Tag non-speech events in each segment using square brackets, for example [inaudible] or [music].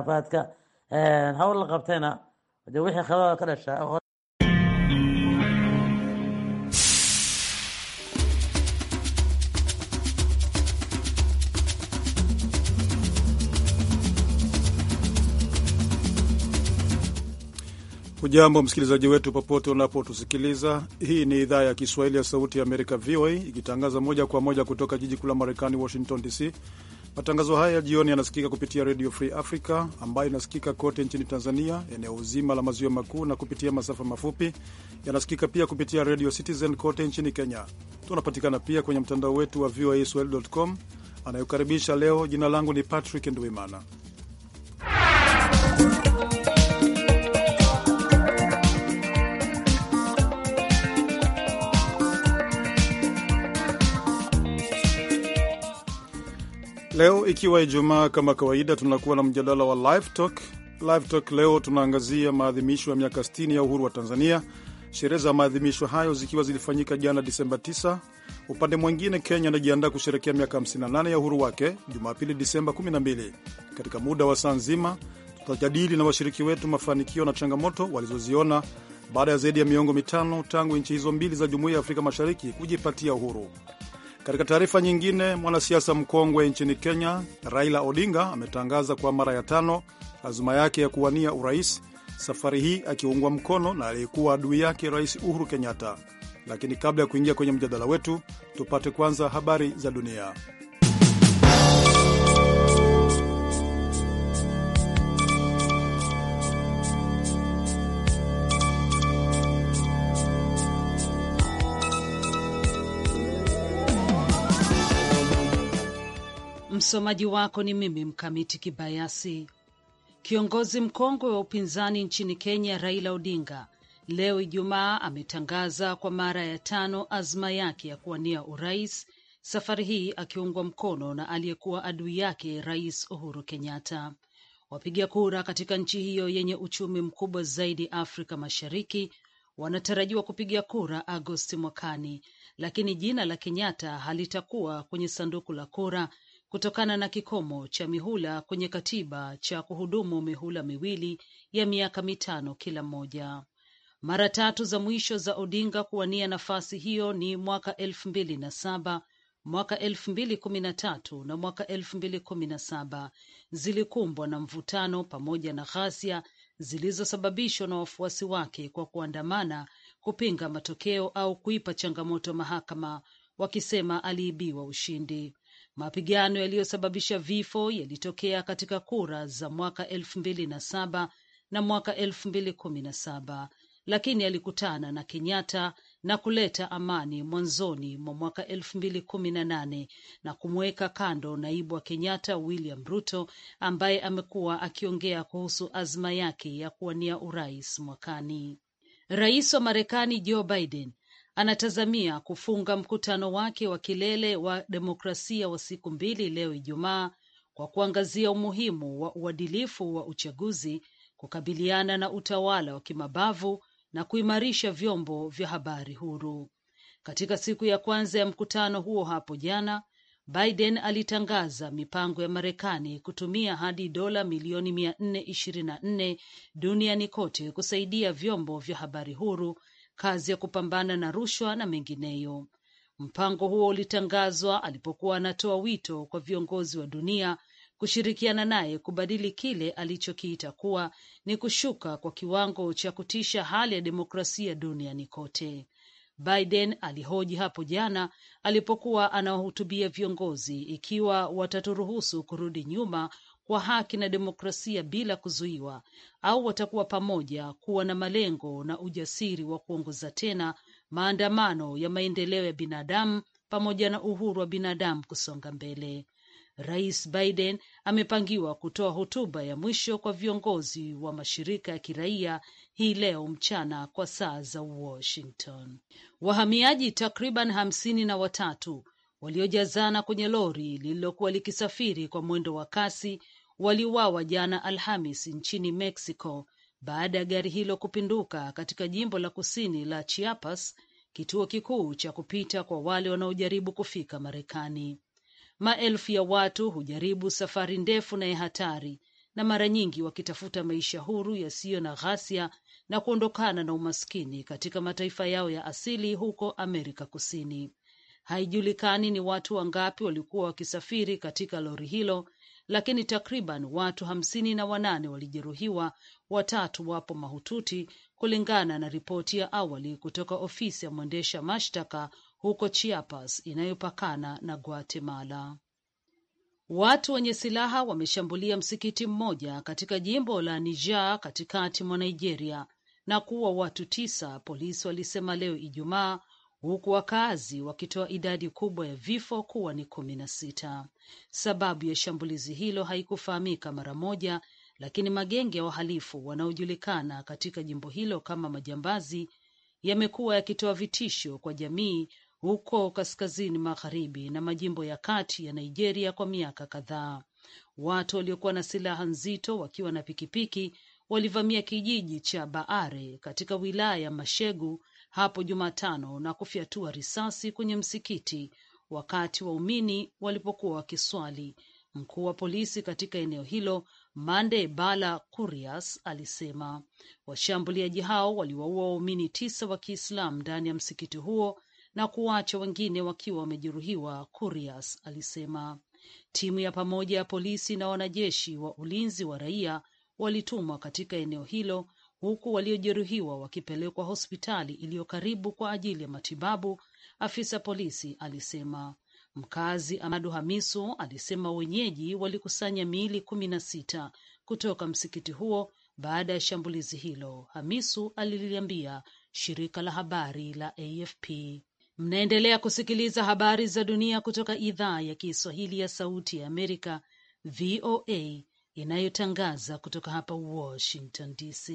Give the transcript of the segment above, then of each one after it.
afaadka hawl la qabtayna de wixii khabaaba ka dhashaa Ujambo msikilizaji wetu popote unapotusikiliza. Hii ni idhaa ya Kiswahili ya Sauti ya Amerika, VOA, ikitangaza moja kwa moja kutoka jiji kuu la Marekani, Washington DC. Matangazo haya ya jioni yanasikika kupitia Redio Free Africa ambayo inasikika kote nchini Tanzania, eneo zima la maziwa makuu na kupitia masafa mafupi. Yanasikika pia kupitia Redio Citizen kote nchini Kenya. Tunapatikana pia kwenye mtandao wetu wa VOA swahili.com. Anayokaribisha leo, jina langu ni Patrick Ndwimana. Leo ikiwa Ijumaa, kama kawaida, tunakuwa na mjadala wa Live Talk. Live Talk leo tunaangazia maadhimisho ya miaka 60 ya uhuru wa Tanzania, sherehe za maadhimisho hayo zikiwa zilifanyika jana Disemba 9. Upande mwingine, Kenya anajiandaa kusherekea miaka 58 ya uhuru wake Jumapili Disemba 12. Katika muda wa saa nzima, tutajadili na washiriki wetu mafanikio na changamoto walizoziona baada ya zaidi ya miongo mitano tangu nchi hizo mbili za Jumuiya ya Afrika Mashariki kujipatia uhuru. Katika taarifa nyingine, mwanasiasa mkongwe nchini Kenya Raila Odinga ametangaza kwa mara ya tano azma yake ya kuwania urais, safari hii akiungwa mkono na aliyekuwa adui yake Rais Uhuru Kenyatta. Lakini kabla ya kuingia kwenye mjadala wetu, tupate kwanza habari za dunia. Msomaji wako ni mimi Mkamiti Kibayasi. Kiongozi mkongwe wa upinzani nchini Kenya Raila Odinga leo Ijumaa ametangaza kwa mara ya tano azma yake ya kuwania urais, safari hii akiungwa mkono na aliyekuwa adui yake Rais Uhuru Kenyatta. Wapiga kura katika nchi hiyo yenye uchumi mkubwa zaidi Afrika Mashariki wanatarajiwa kupiga kura Agosti mwakani, lakini jina la Kenyatta halitakuwa kwenye sanduku la kura kutokana na kikomo cha mihula kwenye katiba cha kuhudumu mihula miwili ya miaka mitano kila mmoja. Mara tatu za mwisho za Odinga kuwania nafasi hiyo ni mwaka elfu mbili na saba mwaka elfu mbili kumi na tatu na mwaka elfu mbili kumi na saba zilikumbwa na mvutano pamoja na ghasia zilizosababishwa na wafuasi wake kwa kuandamana kupinga matokeo au kuipa changamoto mahakama, wakisema aliibiwa ushindi. Mapigano yaliyosababisha vifo yalitokea katika kura za mwaka elfu mbili na saba na mwaka elfu mbili kumi na saba lakini alikutana na Kenyatta na kuleta amani mwanzoni mwa mwaka elfu mbili kumi na nane na kumweka kando naibu wa Kenyatta William Ruto ambaye amekuwa akiongea kuhusu azma yake ya kuwania urais mwakani. Rais wa Marekani Joe Biden anatazamia kufunga mkutano wake wa kilele wa demokrasia wa siku mbili leo Ijumaa kwa kuangazia umuhimu wa uadilifu wa uchaguzi, kukabiliana na utawala wa kimabavu na kuimarisha vyombo vya habari huru. Katika siku ya kwanza ya mkutano huo hapo jana, Biden alitangaza mipango ya Marekani kutumia hadi dola milioni mia nne ishirini na nne duniani kote kusaidia vyombo vya habari huru kazi ya kupambana na rushwa na mengineyo. Mpango huo ulitangazwa alipokuwa anatoa wito kwa viongozi wa dunia kushirikiana naye kubadili kile alichokiita kuwa ni kushuka kwa kiwango cha kutisha hali ya demokrasia duniani kote. Biden alihoji hapo jana alipokuwa anawahutubia viongozi ikiwa wataturuhusu kurudi nyuma wa haki na demokrasia bila kuzuiwa, au watakuwa pamoja kuwa na malengo na ujasiri wa kuongoza tena maandamano ya maendeleo ya binadamu pamoja na uhuru wa binadamu kusonga mbele. Rais Biden amepangiwa kutoa hotuba ya mwisho kwa viongozi wa mashirika ya kiraia hii leo mchana kwa saa za Washington. Wahamiaji takriban hamsini na watatu waliojazana kwenye lori lililokuwa likisafiri kwa mwendo wa kasi waliuawa jana Alhamis nchini Mexico baada ya gari hilo kupinduka katika jimbo la kusini la Chiapas, kituo kikuu cha kupita kwa wale wanaojaribu kufika Marekani. Maelfu ya watu hujaribu safari ndefu na ya hatari, na mara nyingi wakitafuta maisha huru yasiyo na ghasia na kuondokana na umaskini katika mataifa yao ya asili huko Amerika Kusini. Haijulikani ni watu wangapi walikuwa wakisafiri katika lori hilo lakini takriban watu hamsini na wanane walijeruhiwa, watatu wapo mahututi, kulingana na ripoti ya awali kutoka ofisi ya mwendesha mashtaka huko Chiapas inayopakana na Guatemala. Watu wenye silaha wameshambulia msikiti mmoja katika jimbo la Niger katikati mwa Nigeria na kuua watu tisa, polisi walisema leo Ijumaa, huku wakazi wakitoa idadi kubwa ya vifo kuwa ni kumi na sita. Sababu ya shambulizi hilo haikufahamika mara moja, lakini magenge ya wahalifu wanaojulikana katika jimbo hilo kama majambazi yamekuwa yakitoa vitisho kwa jamii huko kaskazini magharibi na majimbo ya kati ya Nigeria kwa miaka kadhaa. Watu waliokuwa na silaha nzito wakiwa na pikipiki walivamia kijiji cha Baare katika wilaya ya Mashegu hapo Jumatano na kufyatua risasi kwenye msikiti wakati waumini walipokuwa wakiswali. Mkuu wa polisi katika eneo hilo Mande Bala Kurias alisema washambuliaji hao waliwaua waumini tisa wa Kiislamu ndani ya msikiti huo na kuwacha wengine wakiwa wamejeruhiwa. Kurias alisema timu ya pamoja ya polisi na wanajeshi wa ulinzi wa raia walitumwa katika eneo hilo huku waliojeruhiwa wakipelekwa hospitali iliyo karibu kwa ajili ya matibabu, afisa polisi alisema. Mkazi Amadu Hamiso alisema wenyeji walikusanya miili kumi na sita kutoka msikiti huo baada ya shambulizi hilo. Hamisu aliliambia shirika la habari la AFP. Mnaendelea kusikiliza habari za dunia kutoka idhaa ya Kiswahili ya Sauti ya Amerika, VOA, inayotangaza kutoka hapa Washington DC.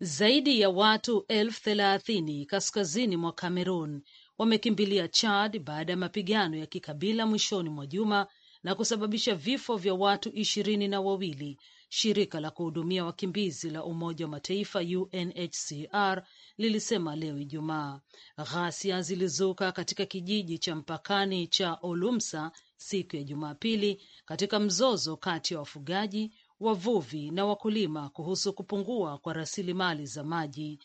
Zaidi ya watu elfu thelathini kaskazini mwa Cameroon wamekimbilia Chad baada ya mapigano ya kikabila mwishoni mwa juma na kusababisha vifo vya watu ishirini na wawili. Shirika la kuhudumia wakimbizi la Umoja wa Mataifa UNHCR lilisema leo Ijumaa ghasia zilizuka katika kijiji cha mpakani cha Olumsa siku ya Jumapili katika mzozo kati ya wafugaji, wavuvi na wakulima kuhusu kupungua kwa rasilimali za maji,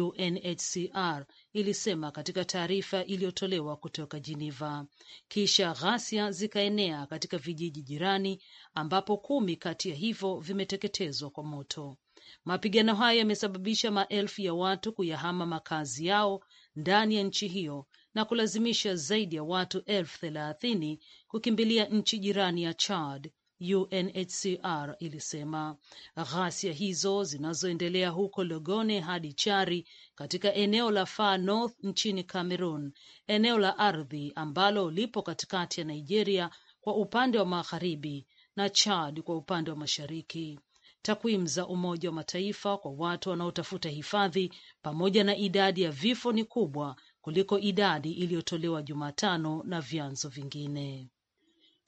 UNHCR ilisema katika taarifa iliyotolewa kutoka Geneva. Kisha ghasia zikaenea katika vijiji jirani ambapo kumi kati ya hivyo vimeteketezwa kwa moto. Mapigano hayo yamesababisha maelfu ya watu kuyahama makazi yao ndani ya nchi hiyo na kulazimisha zaidi ya watu elfu thelathini kukimbilia nchi jirani ya Chad UNHCR ilisema ghasia hizo zinazoendelea huko Logone hadi Chari katika eneo la Far North nchini Cameroon, eneo la ardhi ambalo lipo katikati ya Nigeria kwa upande wa magharibi na Chad kwa upande wa mashariki. Takwimu za Umoja wa Mataifa kwa watu wanaotafuta hifadhi pamoja na idadi ya vifo ni kubwa kuliko idadi iliyotolewa Jumatano na vyanzo vingine.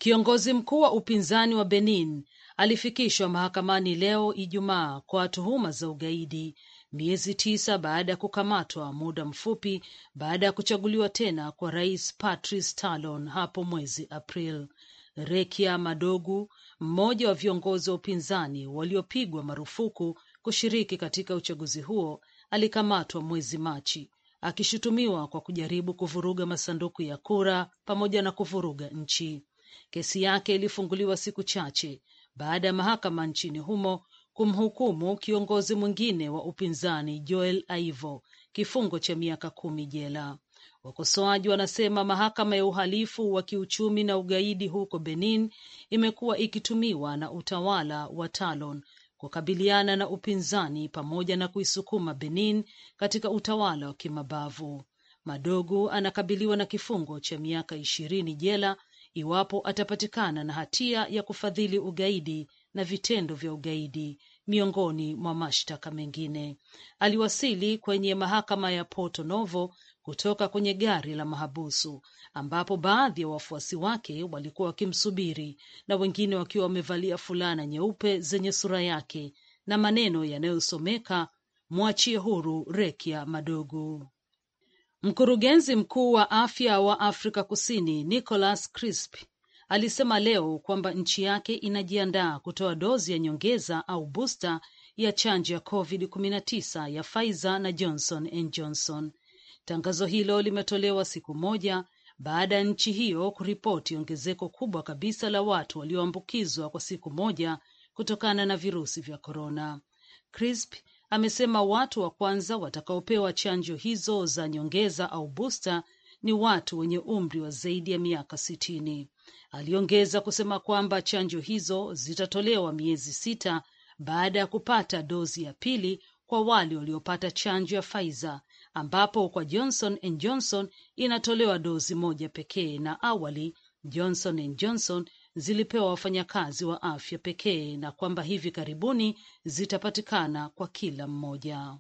Kiongozi mkuu wa upinzani wa Benin alifikishwa mahakamani leo Ijumaa kwa tuhuma za ugaidi, miezi tisa baada ya kukamatwa muda mfupi baada ya kuchaguliwa tena kwa Rais Patrice Talon hapo mwezi April. Rekia Madogu, mmoja wa viongozi wa upinzani waliopigwa marufuku kushiriki katika uchaguzi huo, alikamatwa mwezi Machi akishutumiwa kwa kujaribu kuvuruga masanduku ya kura pamoja na kuvuruga nchi. Kesi yake ilifunguliwa siku chache baada ya mahakama nchini humo kumhukumu kiongozi mwingine wa upinzani Joel Aivo kifungo cha miaka kumi jela. Wakosoaji wanasema mahakama ya uhalifu wa kiuchumi na ugaidi huko Benin imekuwa ikitumiwa na utawala wa Talon kukabiliana na upinzani pamoja na kuisukuma Benin katika utawala wa kimabavu. madogo anakabiliwa na kifungo cha miaka ishirini jela iwapo atapatikana na hatia ya kufadhili ugaidi na vitendo vya ugaidi miongoni mwa mashtaka mengine. Aliwasili kwenye mahakama ya Porto Novo kutoka kwenye gari la mahabusu ambapo baadhi ya wafuasi wake walikuwa wakimsubiri na wengine wakiwa wamevalia fulana nyeupe zenye sura yake na maneno yanayosomeka mwachie huru Rekia Madogo. Mkurugenzi mkuu wa afya wa Afrika Kusini Nicholas Crisp alisema leo kwamba nchi yake inajiandaa kutoa dozi ya nyongeza au busta ya chanjo ya COVID-19 ya Pfizer na Johnson and Johnson. Tangazo hilo limetolewa siku moja baada ya nchi hiyo kuripoti ongezeko kubwa kabisa la watu walioambukizwa kwa siku moja kutokana na virusi vya korona. Crisp amesema watu wa kwanza watakaopewa chanjo hizo za nyongeza au busta ni watu wenye umri wa zaidi ya miaka sitini. Aliongeza kusema kwamba chanjo hizo zitatolewa miezi sita baada ya kupata dozi ya pili kwa wale waliopata chanjo ya Pfizer, ambapo kwa Johnson and Johnson inatolewa dozi moja pekee, na awali Johnson and Johnson zilipewa wafanyakazi wa afya pekee na kwamba hivi karibuni zitapatikana kwa kila mmoja.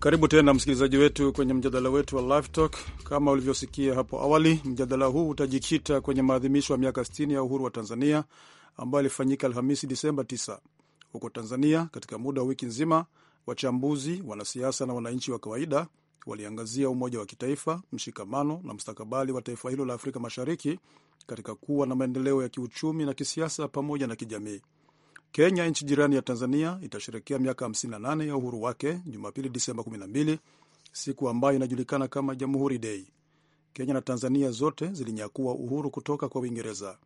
Karibu tena msikilizaji wetu kwenye mjadala wetu wa Live Talk. Kama ulivyosikia hapo awali, mjadala huu utajikita kwenye maadhimisho ya miaka 60 ya uhuru wa Tanzania ambayo ilifanyika Alhamisi Disemba 9 huko Tanzania. Katika muda wa wiki nzima, wachambuzi, wanasiasa na wananchi wa kawaida waliangazia umoja wa kitaifa, mshikamano na mustakabali wa taifa hilo la Afrika Mashariki katika kuwa na maendeleo ya kiuchumi na kisiasa pamoja na kijamii. Kenya, nchi jirani ya Tanzania, itasherekea miaka 58 ya uhuru wake Jumapili Disemba 12, siku ambayo inajulikana kama Jamhuri Dei. Kenya na Tanzania zote zilinyakua uhuru kutoka kwa Uingereza.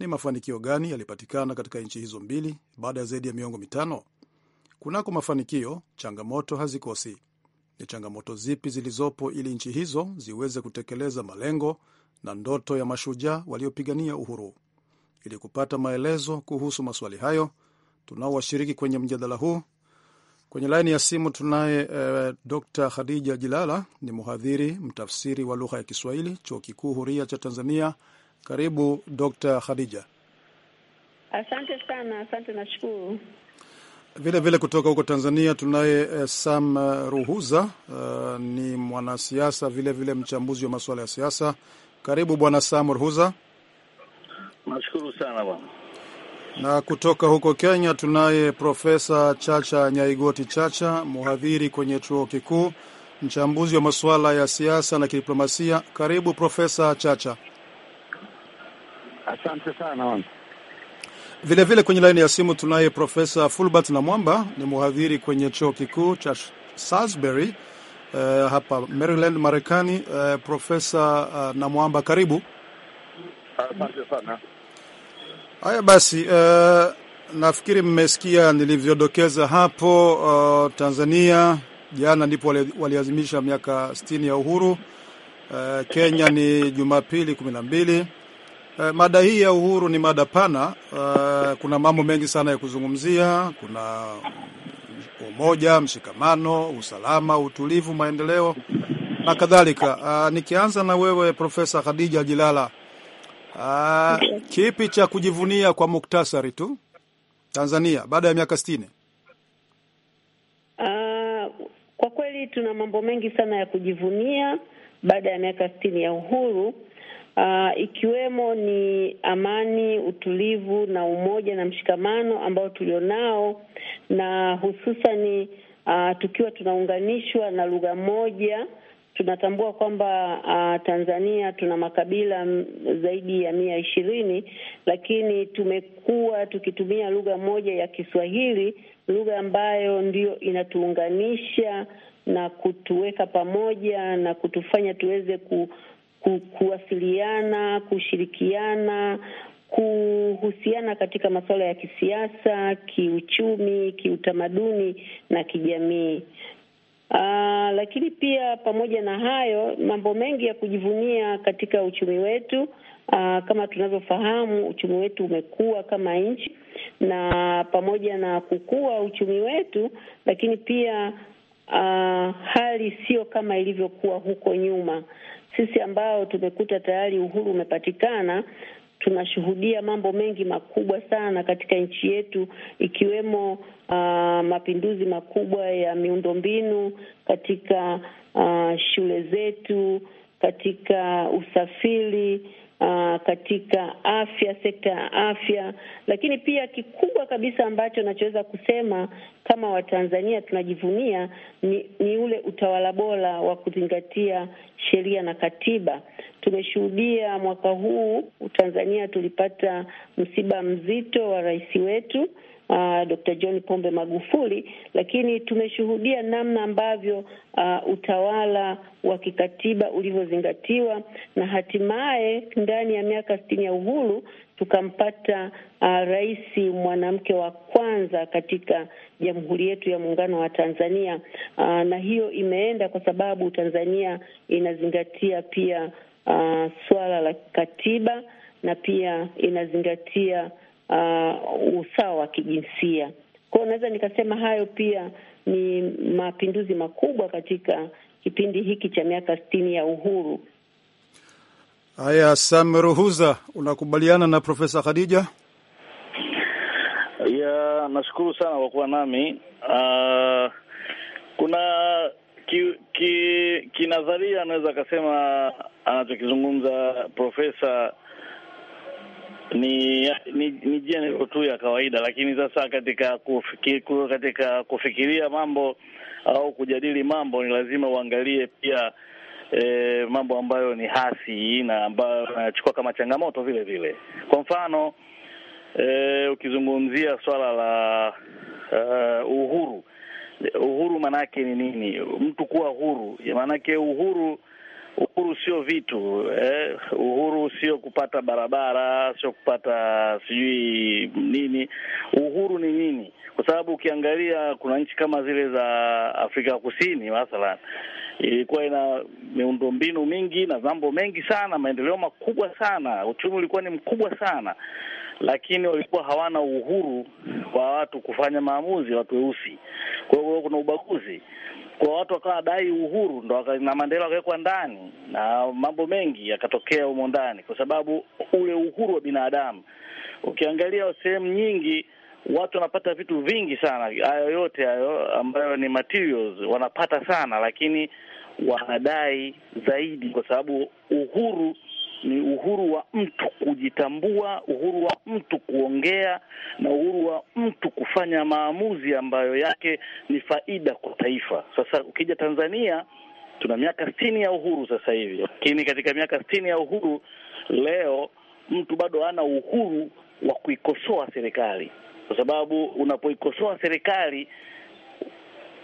Ni mafanikio gani yalipatikana katika nchi hizo mbili baada ya zaidi ya miongo mitano? Kunako mafanikio, changamoto hazikosi. Ni changamoto zipi zilizopo ili nchi hizo ziweze kutekeleza malengo na ndoto ya mashujaa waliopigania uhuru? Ili kupata maelezo kuhusu maswali hayo, tunao washiriki kwenye mjadala huu. Kwenye laini ya simu tunaye eh, Dr Khadija Jilala, ni mhadhiri mtafsiri wa lugha ya Kiswahili, Chuo Kikuu Huria cha Tanzania karibu Dr. Khadija. Asante sana, asante nashukuru. Vile vile kutoka huko Tanzania tunaye eh, Sam eh, Ruhuza, uh, ni mwanasiasa vile vile mchambuzi wa masuala ya siasa. Karibu bwana Sam Ruhuza. Nashukuru sana bwana. Na kutoka huko Kenya tunaye Profesa Chacha Nyaigoti Chacha, mhadhiri kwenye chuo kikuu, mchambuzi wa masuala ya siasa na kidiplomasia. Karibu Profesa Chacha. Asante sana wana. Vile vile kwenye laini ya simu tunaye Profesa Fulbert Namwamba, ni mhadhiri kwenye chuo kikuu cha Salisbury uh, hapa Maryland, Marekani. Uh, Profesa uh, Namwamba, karibu. Asante sana. Haya basi, uh, nafikiri mmesikia nilivyodokeza hapo. Uh, Tanzania jana ndipo waliazimisha miaka 60 ya uhuru. Uh, Kenya ni Jumapili kumi na mbili Eh, mada hii ya uhuru ni mada pana. Uh, kuna mambo mengi sana ya kuzungumzia. Kuna umoja, mshikamano, usalama, utulivu, maendeleo na kadhalika. Uh, nikianza na wewe Profesa Khadija Jilala, uh, kipi cha kujivunia kwa muktasari tu Tanzania baada ya miaka sitini? Uh, kwa kweli tuna mambo mengi sana ya kujivunia baada ya miaka sitini ya uhuru uh, ikiwemo ni amani, utulivu na umoja na mshikamano ambao tulionao na hususani uh, tukiwa tunaunganishwa na lugha moja tunatambua kwamba uh, Tanzania tuna makabila zaidi ya mia ishirini, lakini tumekuwa tukitumia lugha moja ya Kiswahili, lugha ambayo ndiyo inatuunganisha na kutuweka pamoja na kutufanya tuweze ku, ku, kuwasiliana, kushirikiana, kuhusiana katika masuala ya kisiasa, kiuchumi, kiutamaduni na kijamii. Uh, lakini pia pamoja na hayo mambo mengi ya kujivunia katika uchumi wetu. Uh, kama tunavyofahamu uchumi wetu umekuwa kama nchi, na pamoja na kukua uchumi wetu, lakini pia uh, hali sio kama ilivyokuwa huko nyuma sisi ambao tumekuta tayari uhuru umepatikana tunashuhudia mambo mengi makubwa sana katika nchi yetu ikiwemo uh, mapinduzi makubwa ya miundombinu katika uh, shule zetu, katika usafiri uh, katika afya, sekta ya afya, lakini pia kikubwa kabisa ambacho nachoweza kusema kama Watanzania tunajivunia ni, ni ule utawala bora wa kuzingatia sheria na katiba. Tumeshuhudia mwaka huu Tanzania tulipata msiba mzito wa rais wetu uh, ah, Dr. John Pombe Magufuli, lakini tumeshuhudia namna ambavyo uh, utawala wa kikatiba ulivyozingatiwa na hatimaye ndani ya miaka sitini ya uhuru tukampata uh, rais mwanamke wa kwanza katika jamhuri yetu ya muungano wa Tanzania. Uh, na hiyo imeenda kwa sababu Tanzania inazingatia pia uh, swala la katiba na pia inazingatia uh, usawa wa kijinsia. Kwa hiyo naweza nikasema hayo pia ni mapinduzi makubwa katika kipindi hiki cha miaka sitini ya uhuru. Haya, samruhuza unakubaliana na Profesa Khadija? Ya, nashukuru sana kwa kuwa nami. Uh, kuna ki, ki, kinadharia anaweza akasema anachokizungumza profesa ni ni, ni jenero tu ya kawaida, lakini sasa katika kufikiri, katika kufikiria mambo au kujadili mambo ni lazima uangalie pia E, mambo ambayo ni hasi na ambayo yanachukua kama changamoto vile vile. Kwa mfano e, ukizungumzia swala la uh, uhuru, uhuru maanake ni nini? Mtu kuwa huru, maanake uhuru uhuru sio vitu eh. Uhuru sio kupata barabara, sio kupata sijui nini. Uhuru ni nini? Kwa sababu ukiangalia kuna nchi kama zile za Afrika Kusini mathalan ilikuwa ina miundombinu mingi na mambo mengi sana, maendeleo makubwa sana, uchumi ulikuwa ni mkubwa sana, lakini walikuwa hawana uhuru wa watu kufanya maamuzi, watu weusi. Kwa hiyo kuna ubaguzi kwa watu wakawa dai uhuru ndo waka, na Mandela wakawekwa ndani na mambo mengi yakatokea humo ndani, kwa sababu ule uhuru wa binadamu ukiangalia sehemu nyingi watu wanapata vitu vingi sana, hayo yote hayo ambayo ni materials wanapata sana, lakini wanadai zaidi, kwa sababu uhuru ni uhuru wa mtu kujitambua, uhuru wa mtu kuongea na uhuru wa mtu kufanya maamuzi ambayo yake ni faida kwa taifa. Sasa ukija Tanzania tuna miaka sitini ya uhuru sasa hivi, lakini katika miaka sitini ya uhuru leo mtu bado hana uhuru wa kuikosoa serikali kwa sababu unapoikosoa serikali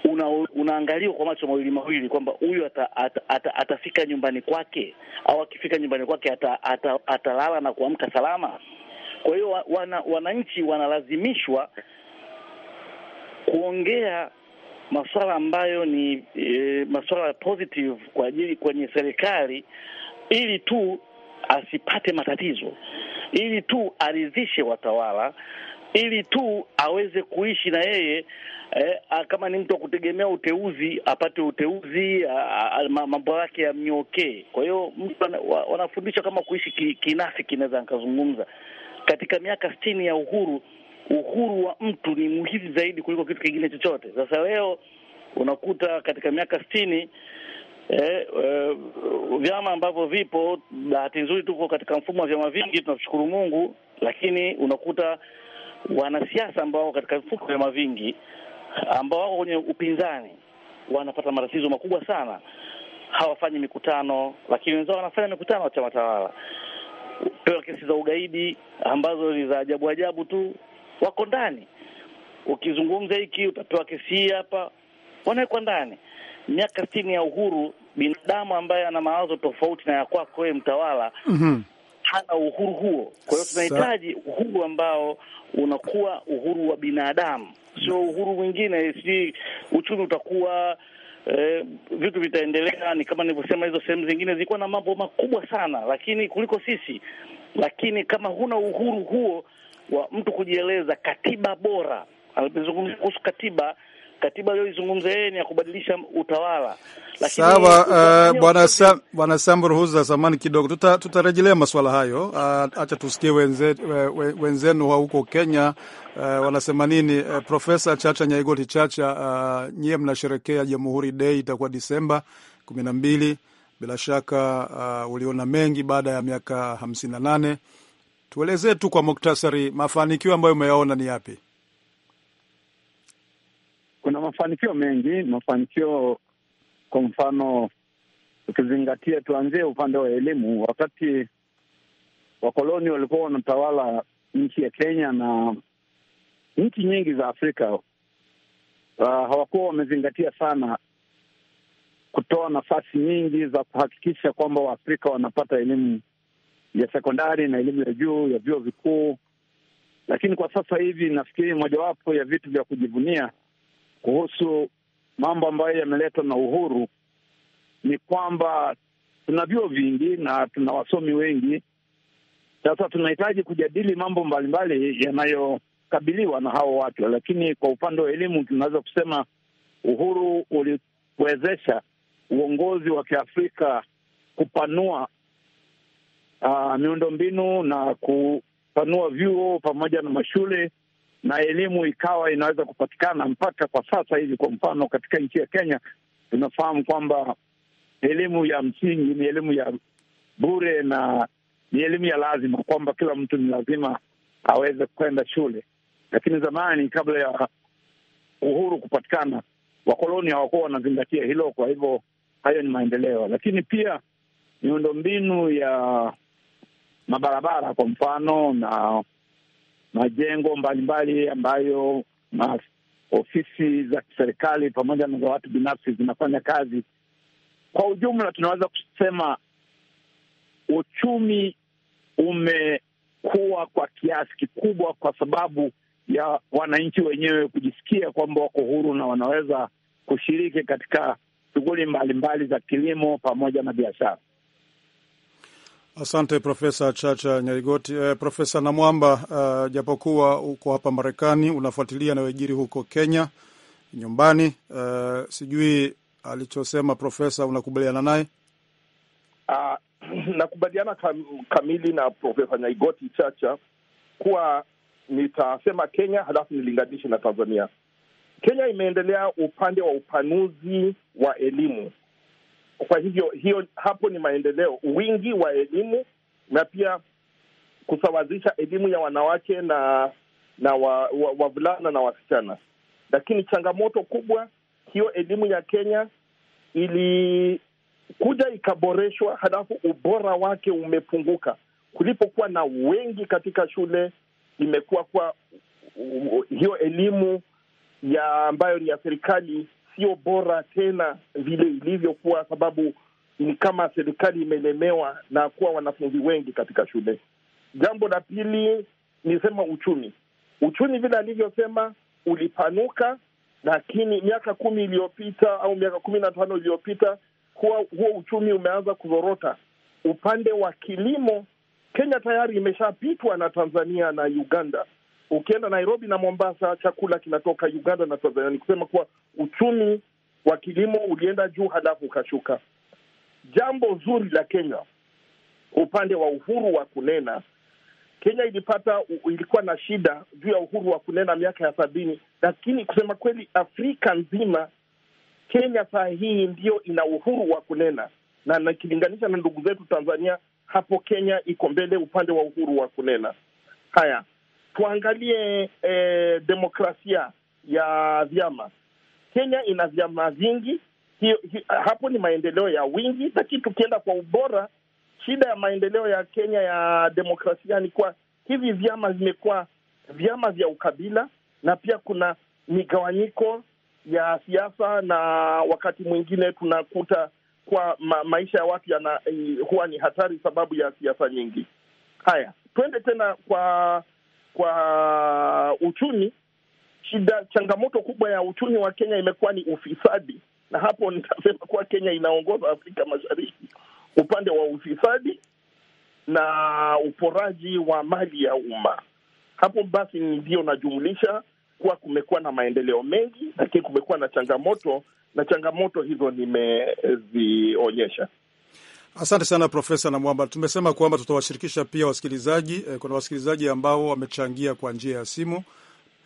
una, unaangaliwa kwa macho mawili mawili kwamba huyu atafika ata, ata, ata nyumbani kwake au akifika nyumbani kwake atalala ata, ata na kuamka salama. Kwa hiyo wana, wananchi wanalazimishwa kuongea masuala ambayo ni e, masuala positive kwa ajili kwenye serikali ili tu asipate matatizo, ili tu aridhishe watawala ili tu aweze kuishi na yeye eh, kama ni mtu wa kutegemea uteuzi apate uteuzi, mambo yake yamnyokee. Kwa hiyo mtu wanafundishwa kama kuishi kinafsi, kinaweza nikazungumza katika miaka sitini ya uhuru. Uhuru wa mtu ni muhimu zaidi kuliko kitu kingine chochote. Sasa leo unakuta katika miaka sitini Eh, eh, vyama ambavyo vipo, bahati nzuri tupo katika mfumo wa vyama vingi, tunashukuru Mungu, lakini unakuta wanasiasa ambao wako katika mfuko vya vyama vingi ambao wako kwenye upinzani wanapata matatizo makubwa sana. Hawafanyi mikutano, lakini wenzao wanafanya mikutano ya chama tawala. Pewa kesi za ugaidi ambazo ni za ajabu ajabu tu, wako ndani. Ukizungumza hiki utapewa kesi hii hapa, wanawekwa ndani. Miaka sitini ya uhuru, binadamu ambaye ana mawazo tofauti na ya kwako wewe mtawala, mm -hmm hana uhuru huo. Kwa hiyo tunahitaji uhuru ambao unakuwa uhuru wa binadamu, sio uhuru mwingine, si uchumi utakuwa Eh, vitu vitaendelea. Ni kama nilivyosema, hizo sehemu zingine zilikuwa na mambo makubwa sana, lakini kuliko sisi. Lakini kama huna uhuru huo wa mtu kujieleza, katiba bora, alizungumzia kuhusu katiba katiba aliyoizungumza yeye ni ya kubadilisha utawala. Lakini sawa, bwana eh, uh, bwana Sam, ruhusa zamani kidogo, tutarejelea tuta masuala hayo. Uh, acha tusikie wenze, wenzenu wa huko Kenya uh, wanasema nini. Uh, Profesa Chacha Nyaigoti Chacha, uh, nyie mnasherekea Jamhuri Day, itakuwa Disemba kumi na mbili. Bila shaka uh, uliona mengi baada ya miaka hamsini na nane. Tuelezee tu kwa muktasari mafanikio ambayo umeyaona ni yapi? kuna mafanikio mengi, mafanikio kwa mfano, ukizingatia tuanzie upande wa elimu. Wakati wakoloni walikuwa wanatawala nchi ya Kenya na nchi nyingi za Afrika, uh, hawakuwa wamezingatia sana kutoa nafasi nyingi za kuhakikisha kwamba Waafrika wanapata elimu ya sekondari na elimu ya juu ya vyuo vikuu. Lakini kwa sasa hivi nafikiri mojawapo ya vitu vya kujivunia kuhusu mambo ambayo yameletwa na uhuru ni kwamba tuna vyuo vingi na tuna wasomi wengi. Sasa tunahitaji kujadili mambo mbalimbali yanayokabiliwa na hao watu, lakini kwa upande wa elimu tunaweza kusema uhuru uliwezesha uongozi wa Kiafrika kupanua uh, miundombinu na kupanua vyuo pamoja na mashule na elimu ikawa inaweza kupatikana mpaka kwa sasa hivi. Kwa mfano, katika nchi ya Kenya tunafahamu kwamba elimu ya msingi ni elimu ya bure na ni elimu ya lazima, kwamba kila mtu ni lazima aweze kwenda shule. Lakini zamani, kabla ya uhuru kupatikana, wakoloni hawakuwa wanazingatia hilo. Kwa hivyo hayo ni maendeleo, lakini pia miundombinu ya mabarabara kwa mfano na majengo mbalimbali mbali ambayo ofisi za kiserikali pamoja na za watu binafsi zinafanya kazi. Kwa ujumla, tunaweza kusema uchumi umekuwa kwa kiasi kikubwa kwa sababu ya wananchi wenyewe kujisikia kwamba wako huru na wanaweza kushiriki katika shughuli mbalimbali za kilimo pamoja na biashara. Asante Profesa Chacha Nyaigoti. Eh, Profesa Namwamba, uh, japokuwa uko hapa Marekani unafuatilia nayojiri huko Kenya nyumbani, uh, sijui alichosema profesa unakubaliana naye? Uh, [clears throat] nakubaliana kam, kamili na Profesa Nyaigoti Chacha kuwa nitasema Kenya halafu nilinganishe na Tanzania. Kenya imeendelea upande wa upanuzi wa elimu kwa hivyo hiyo hapo ni maendeleo, wingi wa elimu na pia kusawazisha elimu ya wanawake na na wavulana wa, wa na wasichana. Lakini changamoto kubwa hiyo, elimu ya Kenya ilikuja ikaboreshwa, halafu ubora wake umepunguka. Kulipokuwa na wengi katika shule, imekuwa kuwa hiyo elimu ya ambayo ni ya serikali sio bora tena vile ilivyokuwa, sababu ni kama serikali imelemewa na kuwa wanafunzi wengi katika shule. Jambo la pili nisema uchumi. Uchumi vile alivyosema ulipanuka, lakini miaka kumi iliyopita au miaka kumi na tano iliyopita huo uchumi umeanza kuzorota. Upande wa kilimo, Kenya tayari imeshapitwa na Tanzania na Uganda Ukienda Nairobi na Mombasa, chakula kinatoka Uganda na Tanzania. Ni kusema kuwa uchumi wa kilimo ulienda juu halafu ukashuka. Jambo zuri la Kenya upande wa uhuru wa kunena, Kenya ilipata ilikuwa na shida juu ya uhuru wa kunena miaka ya sabini, lakini kusema kweli, Afrika nzima Kenya saa hii ndiyo ina uhuru wa kunena na nakilinganisha na ndugu zetu Tanzania, hapo Kenya iko mbele upande wa uhuru wa kunena. Haya, tuangalie eh, demokrasia ya vyama. Kenya ina vyama vingi, hapo ni maendeleo ya wingi, lakini tukienda kwa ubora, shida ya maendeleo ya Kenya ya demokrasia ni kuwa hivi vyama vimekuwa vyama vya ukabila, na pia kuna migawanyiko ya siasa, na wakati mwingine tunakuta kwa ma maisha ya watu yana eh, huwa ni hatari sababu ya siasa nyingi. Haya, twende tena kwa kwa uchumi, shida, changamoto kubwa ya uchumi wa Kenya imekuwa ni ufisadi, na hapo nitasema kuwa Kenya inaongoza Afrika Mashariki upande wa ufisadi na uporaji wa mali ya umma. Hapo basi ndio najumulisha kuwa kumekuwa na maendeleo mengi, lakini kumekuwa na changamoto, na changamoto hizo nimezionyesha. Asante sana Profesa Namwamba. Tumesema kwamba tutawashirikisha pia wasikilizaji. Eh, kuna wasikilizaji ambao wamechangia kwa njia ya simu,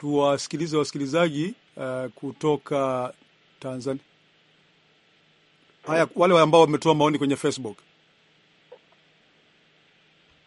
tuwasikilize wasikilizaji uh, kutoka Tanzania. Haya, wale ambao wametoa maoni kwenye Facebook.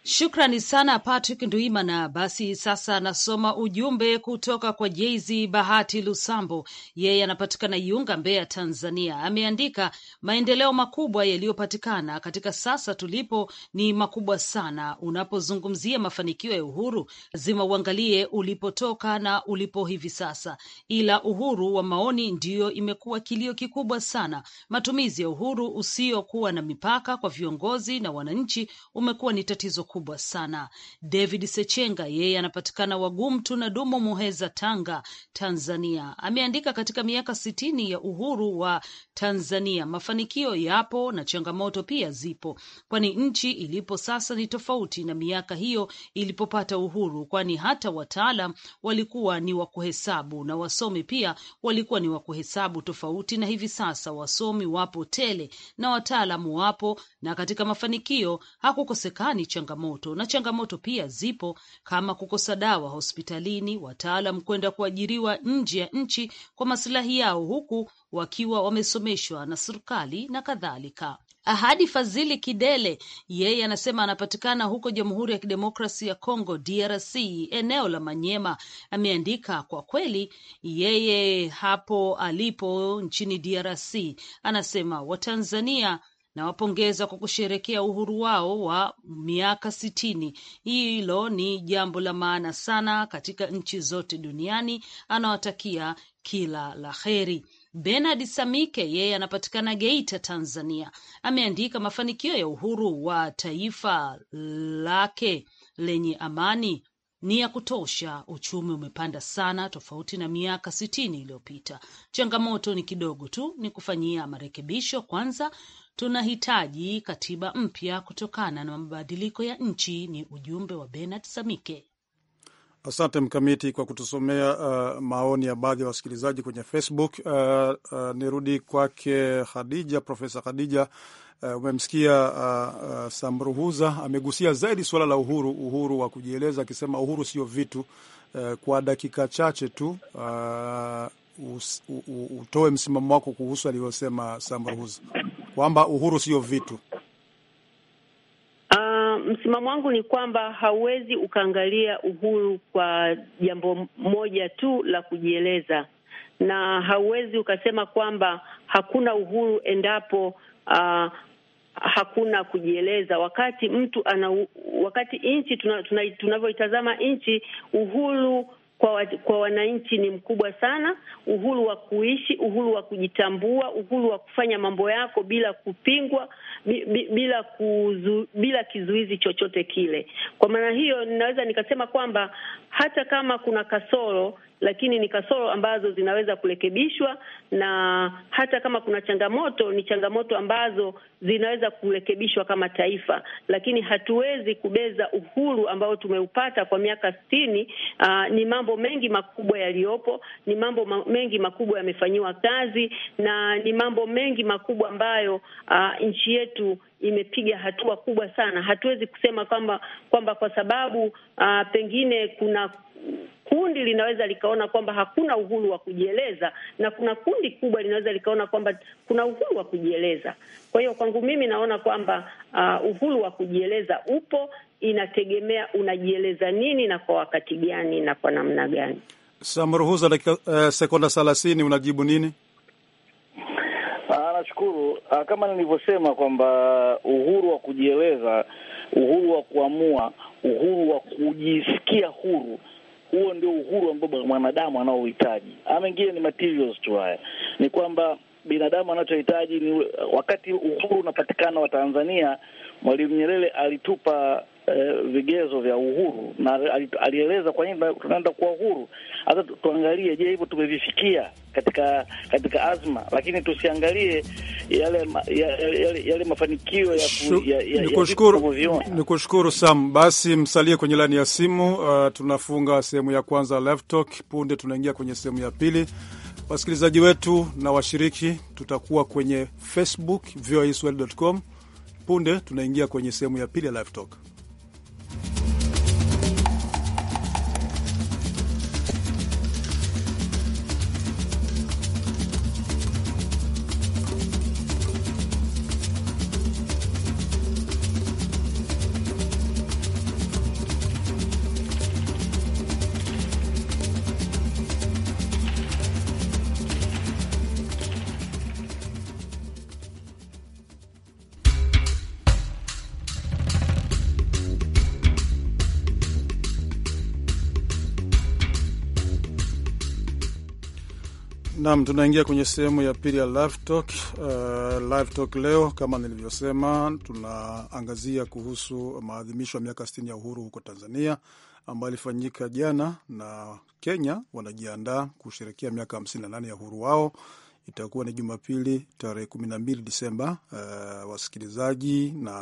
Shukrani sana Patrick Ndwimana. Basi sasa nasoma ujumbe kutoka kwa Jeizi Bahati Lusambo, yeye anapatikana Iunga, Mbeya, Tanzania. Ameandika, maendeleo makubwa yaliyopatikana katika sasa tulipo ni makubwa sana. Unapozungumzia mafanikio ya uhuru, lazima uangalie ulipotoka na ulipo hivi sasa, ila uhuru wa maoni ndiyo imekuwa kilio kikubwa sana. Matumizi ya uhuru usiokuwa na mipaka kwa viongozi na wananchi umekuwa ni tatizo kubwa sana. David Sechenga yeye anapatikana Wagumtu na Dumo, Muheza, Tanga, Tanzania, ameandika katika miaka sitini ya uhuru wa Tanzania mafanikio yapo na changamoto pia zipo, kwani nchi ilipo sasa ni tofauti na miaka hiyo ilipopata uhuru, kwani hata wataalam walikuwa ni wa kuhesabu na wasomi pia walikuwa ni wa kuhesabu, tofauti na hivi sasa. Wasomi wapo tele na wataalamu wapo, na katika mafanikio hakukosekani changamoto changamoto, na changamoto pia zipo kama kukosa dawa hospitalini, wataalam kwenda kuajiriwa nje ya nchi kwa masilahi yao, huku wakiwa wamesomeshwa na serikali na kadhalika. Ahadi Fazili Kidele yeye anasema anapatikana huko Jamhuri ya Kidemokrasi ya congo DRC, eneo la Manyema. Ameandika kwa kweli, yeye hapo alipo nchini DRC anasema Watanzania Nawapongeza kwa kusherekea uhuru wao wa miaka sitini. Hilo ni jambo la maana sana katika nchi zote duniani. Anawatakia kila la heri. Benard Samike yeye anapatikana Geita, Tanzania, ameandika mafanikio ya uhuru wa taifa lake lenye amani ni ya kutosha. Uchumi umepanda sana tofauti na miaka sitini iliyopita. Changamoto ni kidogo tu, ni kufanyia marekebisho kwanza tunahitaji katiba mpya kutokana na mabadiliko ya nchi, ni ujumbe wa Bernard Samike. Asante Mkamiti kwa kutusomea uh, maoni ya baadhi ya wasikilizaji kwenye Facebook. Uh, uh, nirudi kwake Khadija, Profesa Khadija. Uh, umemsikia uh, uh, Samruhuza amegusia zaidi suala la uhuru, uhuru wa kujieleza, akisema uhuru sio vitu. Uh, kwa dakika chache tu uh, utoe msimamo wako kuhusu aliyosema Samruhuza kwamba uhuru sio vitu? Uh, msimamo wangu ni kwamba hauwezi ukaangalia uhuru kwa jambo moja tu la kujieleza, na hauwezi ukasema kwamba hakuna uhuru endapo uh, hakuna kujieleza. Wakati mtu ana, wakati nchi tunavyoitazama tuna, tuna nchi, uhuru kwa, kwa wananchi ni mkubwa sana. Uhuru wa kuishi, uhuru wa kujitambua, uhuru wa kufanya mambo yako bila kupingwa, bila kuzu, bila kizuizi chochote kile. Kwa maana hiyo, ninaweza nikasema kwamba hata kama kuna kasoro lakini ni kasoro ambazo zinaweza kurekebishwa, na hata kama kuna changamoto, ni changamoto ambazo zinaweza kurekebishwa kama taifa, lakini hatuwezi kubeza uhuru ambao tumeupata kwa miaka sitini. Uh, ni mambo mengi makubwa yaliyopo, ni mambo ma mengi makubwa yamefanyiwa kazi na ni mambo mengi makubwa ambayo uh, nchi yetu imepiga hatua kubwa sana. Hatuwezi kusema kwamba kwamba kwa sababu uh, pengine kuna kundi linaweza likaona kwamba hakuna uhuru wa kujieleza na kuna kundi kubwa linaweza likaona kwamba kuna uhuru wa kujieleza. Kwa hiyo kwangu mimi naona kwamba uh, uhuru wa kujieleza upo, inategemea unajieleza nini na kwa wakati gani na kwa namna gani. Samruhuza dakika uh, sekonda 30 unajibu nini? Ah, nashukuru. Ah, kama nilivyosema kwamba uhuru wa kujieleza, uhuru wa kuamua, uhuru wa kujisikia huru huo ndio uhuru ambao mwanadamu anaohitaji. Ama mengine ni materials tu. Haya ni kwamba binadamu anachohitaji ni, wakati uhuru unapatikana wa Tanzania, Mwalimu Nyerere alitupa Eh, vigezo vya uhuru, na alieleza kwa nini tunaenda kuwa uhuru. Hata tuangalie, je, hivyo tumevifikia katika katika azma, lakini tusiangalie yale, yale, yale, mafanikio ya ni kushukuru Sam. Basi msalie kwenye laini ya simu. Uh, tunafunga sehemu ya kwanza Live Talk, punde tunaingia kwenye sehemu ya pili. Wasikilizaji wetu na washiriki, tutakuwa kwenye Facebook voaswahili.com. Punde tunaingia kwenye sehemu ya pili ya Live Talk. Nam, tunaingia kwenye sehemu ya pili ya live talk. Uh, live talk leo kama nilivyosema, tunaangazia kuhusu maadhimisho ya miaka sitini ya uhuru huko Tanzania ambayo ilifanyika jana, na Kenya wanajiandaa kusherekea miaka hamsini na nane ya uhuru wao. Itakuwa ni Jumapili tarehe kumi na mbili Disemba. Uh, wasikilizaji na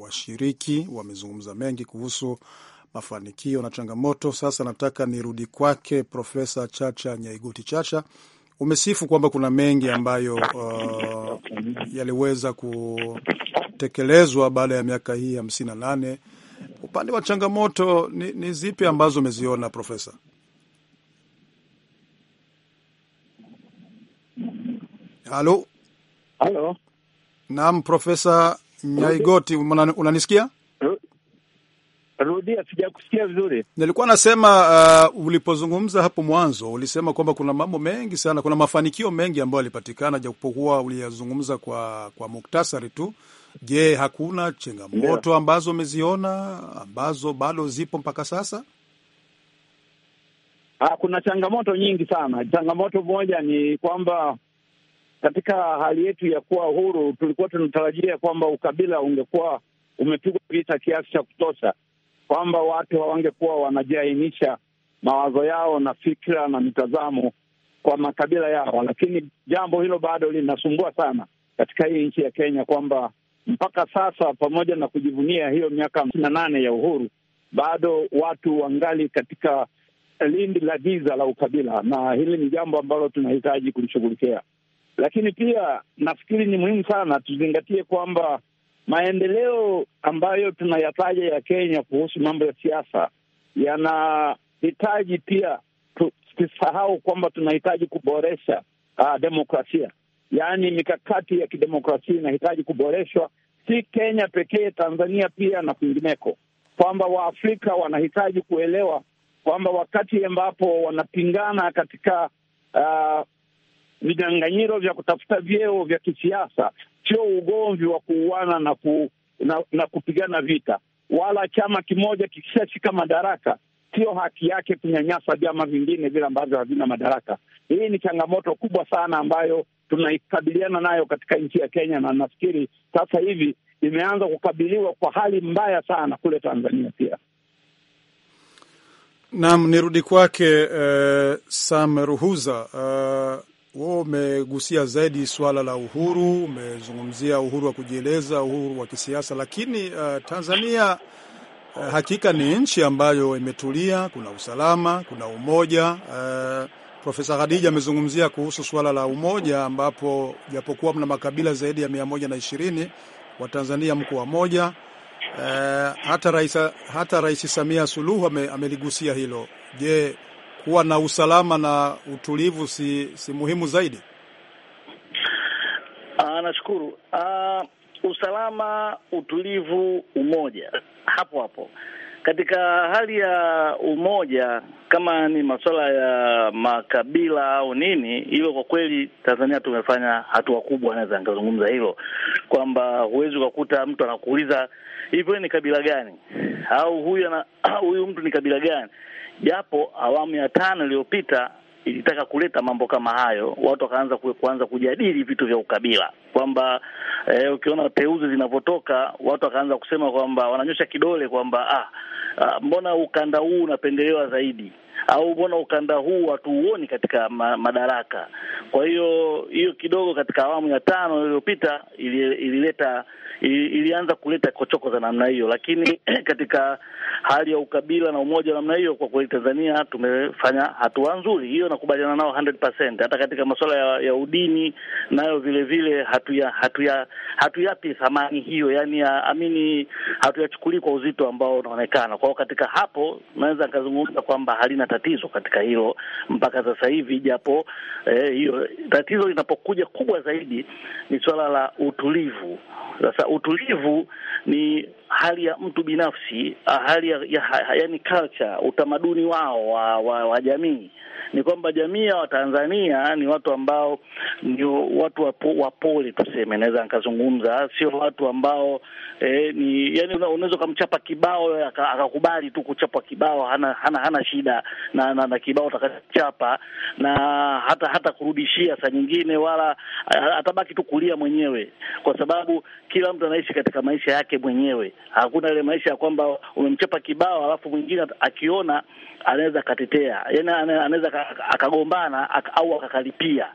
washiriki wamezungumza mengi kuhusu mafanikio na changamoto. Sasa nataka nirudi kwake Profesa Chacha Nyaigoti Chacha umesifu kwamba kuna mengi ambayo uh, yaliweza kutekelezwa baada ya miaka hii hamsini na nane. Upande wa changamoto ni, ni zipi ambazo umeziona Profesa? Halo, halo. Naam, Profesa Nyaigoti, unanisikia? Rudia, sijakusikia vizuri. Nilikuwa nasema uh, ulipozungumza hapo mwanzo ulisema kwamba kuna mambo mengi sana, kuna mafanikio mengi ambayo yalipatikana, japokuwa uliyazungumza kwa kwa muktasari tu. Je, hakuna changamoto yeah, ambazo umeziona ambazo bado zipo mpaka sasa? Ha, ah, kuna changamoto nyingi sana. Changamoto moja ni kwamba katika hali yetu ya kuwa huru tulikuwa tunatarajia kwamba ukabila ungekuwa umepigwa vita kiasi cha kutosha kwamba watu hawangekuwa wanajiainisha mawazo yao na fikra na mitazamo kwa makabila yao, lakini jambo hilo bado linasumbua sana katika hii nchi ya Kenya, kwamba mpaka sasa pamoja na kujivunia hiyo miaka hamsini na nane ya uhuru bado watu wangali katika lindi la giza la ukabila, na hili ni jambo ambalo tunahitaji kulishughulikia. Lakini pia nafikiri ni muhimu sana tuzingatie kwamba maendeleo ambayo tunayataja ya Kenya kuhusu mambo ya siasa yanahitaji pia tusisahau kwamba tunahitaji kuboresha uh, demokrasia, yaani mikakati ya kidemokrasia inahitaji kuboreshwa, si Kenya pekee, Tanzania pia na kwingineko, kwamba Waafrika wanahitaji kuelewa kwamba wakati ambapo wanapingana katika uh, ah, vinyang'anyiro vya kutafuta vyeo vya kisiasa sio ugomvi wa kuuana na, ku, na, na kupigana vita, wala chama kimoja kikishashika madaraka sio haki yake kunyanyasa vyama vingine vile ambavyo havina madaraka. Hii ni changamoto kubwa sana ambayo tunaikabiliana nayo katika nchi ya Kenya, na nafikiri sasa hivi imeanza kukabiliwa kwa hali mbaya sana kule Tanzania pia. Naam, nirudi kwake uh, Sam Ruhuza uh... Wewe umegusia zaidi swala la uhuru, umezungumzia uhuru wa kujieleza, uhuru wa kisiasa, lakini uh, Tanzania uh, hakika ni nchi ambayo imetulia, kuna usalama, kuna umoja uh, Profesa Khadija amezungumzia kuhusu suala la umoja ambapo japokuwa mna makabila zaidi ya mia moja na ishirini Watanzania mko wamoja. moja uh, hata Rais hata Rais Samia Suluhu ame, ameligusia hilo. Je, kuwa na usalama na utulivu si, si muhimu zaidi? Aa, ah, nashukuru. Aa, ah, usalama, utulivu, umoja, hapo hapo katika hali ya umoja, kama ni masuala ya makabila au nini, hilo kwa kweli Tanzania tumefanya hatua kubwa, naweza nikazungumza hilo kwamba huwezi ukakuta mtu anakuuliza hivyo ni kabila gani, au huyu ana, [clears throat] huyu mtu ni kabila gani japo awamu ya tano iliyopita ilitaka kuleta mambo kama hayo, watu wakaanza kuanza kujadili vitu vya ukabila kwamba eh, ukiona teuzi zinavyotoka watu wakaanza kusema kwamba wananyosha kidole kwamba ah, ah, mbona ukanda huu unapendelewa zaidi au mbona ukanda huu hatuuoni katika ma, madaraka? Kwa hiyo hiyo kidogo katika awamu ya tano iliyopita ilileta ili, ilianza kuleta kochoko za namna hiyo, lakini [clears throat] katika hali ya ukabila na umoja wa namna hiyo, kwa kweli Tanzania tumefanya hatua nzuri, hiyo nakubaliana nao 100%. Hata katika masuala ya, ya udini nayo vile vile hatuya hatuya hatuyapi thamani hiyo, yani ya, amini hatuyachukulii kwa uzito ambao unaonekana kwao. Katika hapo naweza nikazungumza kwamba halina hakuna tatizo katika hilo mpaka sasa hivi, japo eh, hiyo eh, tatizo linapokuja kubwa zaidi ni suala la utulivu. Sasa utulivu ni hali ya mtu binafsi, ah, hali ya, ya, yani culture, utamaduni wao wa, wa, wa jamii ni kwamba jamii ya Watanzania ni watu ambao ndio watu wapole tuseme, naweza nikazungumza, sio watu ambao eh, ni yani, unaweza ukamchapa kibao akakubali tu kuchapwa kibao, hana hana, hana shida na, na, na kibao utakachochapa na hata hata kurudishia saa nyingine, wala eh, atabaki tu kulia mwenyewe, kwa sababu kila mtu anaishi katika maisha yake mwenyewe. Hakuna ile maisha ya kwamba umemchapa kibao alafu mwingine akiona anaweza akatetea, yani anaweza akagombana au akakalipia.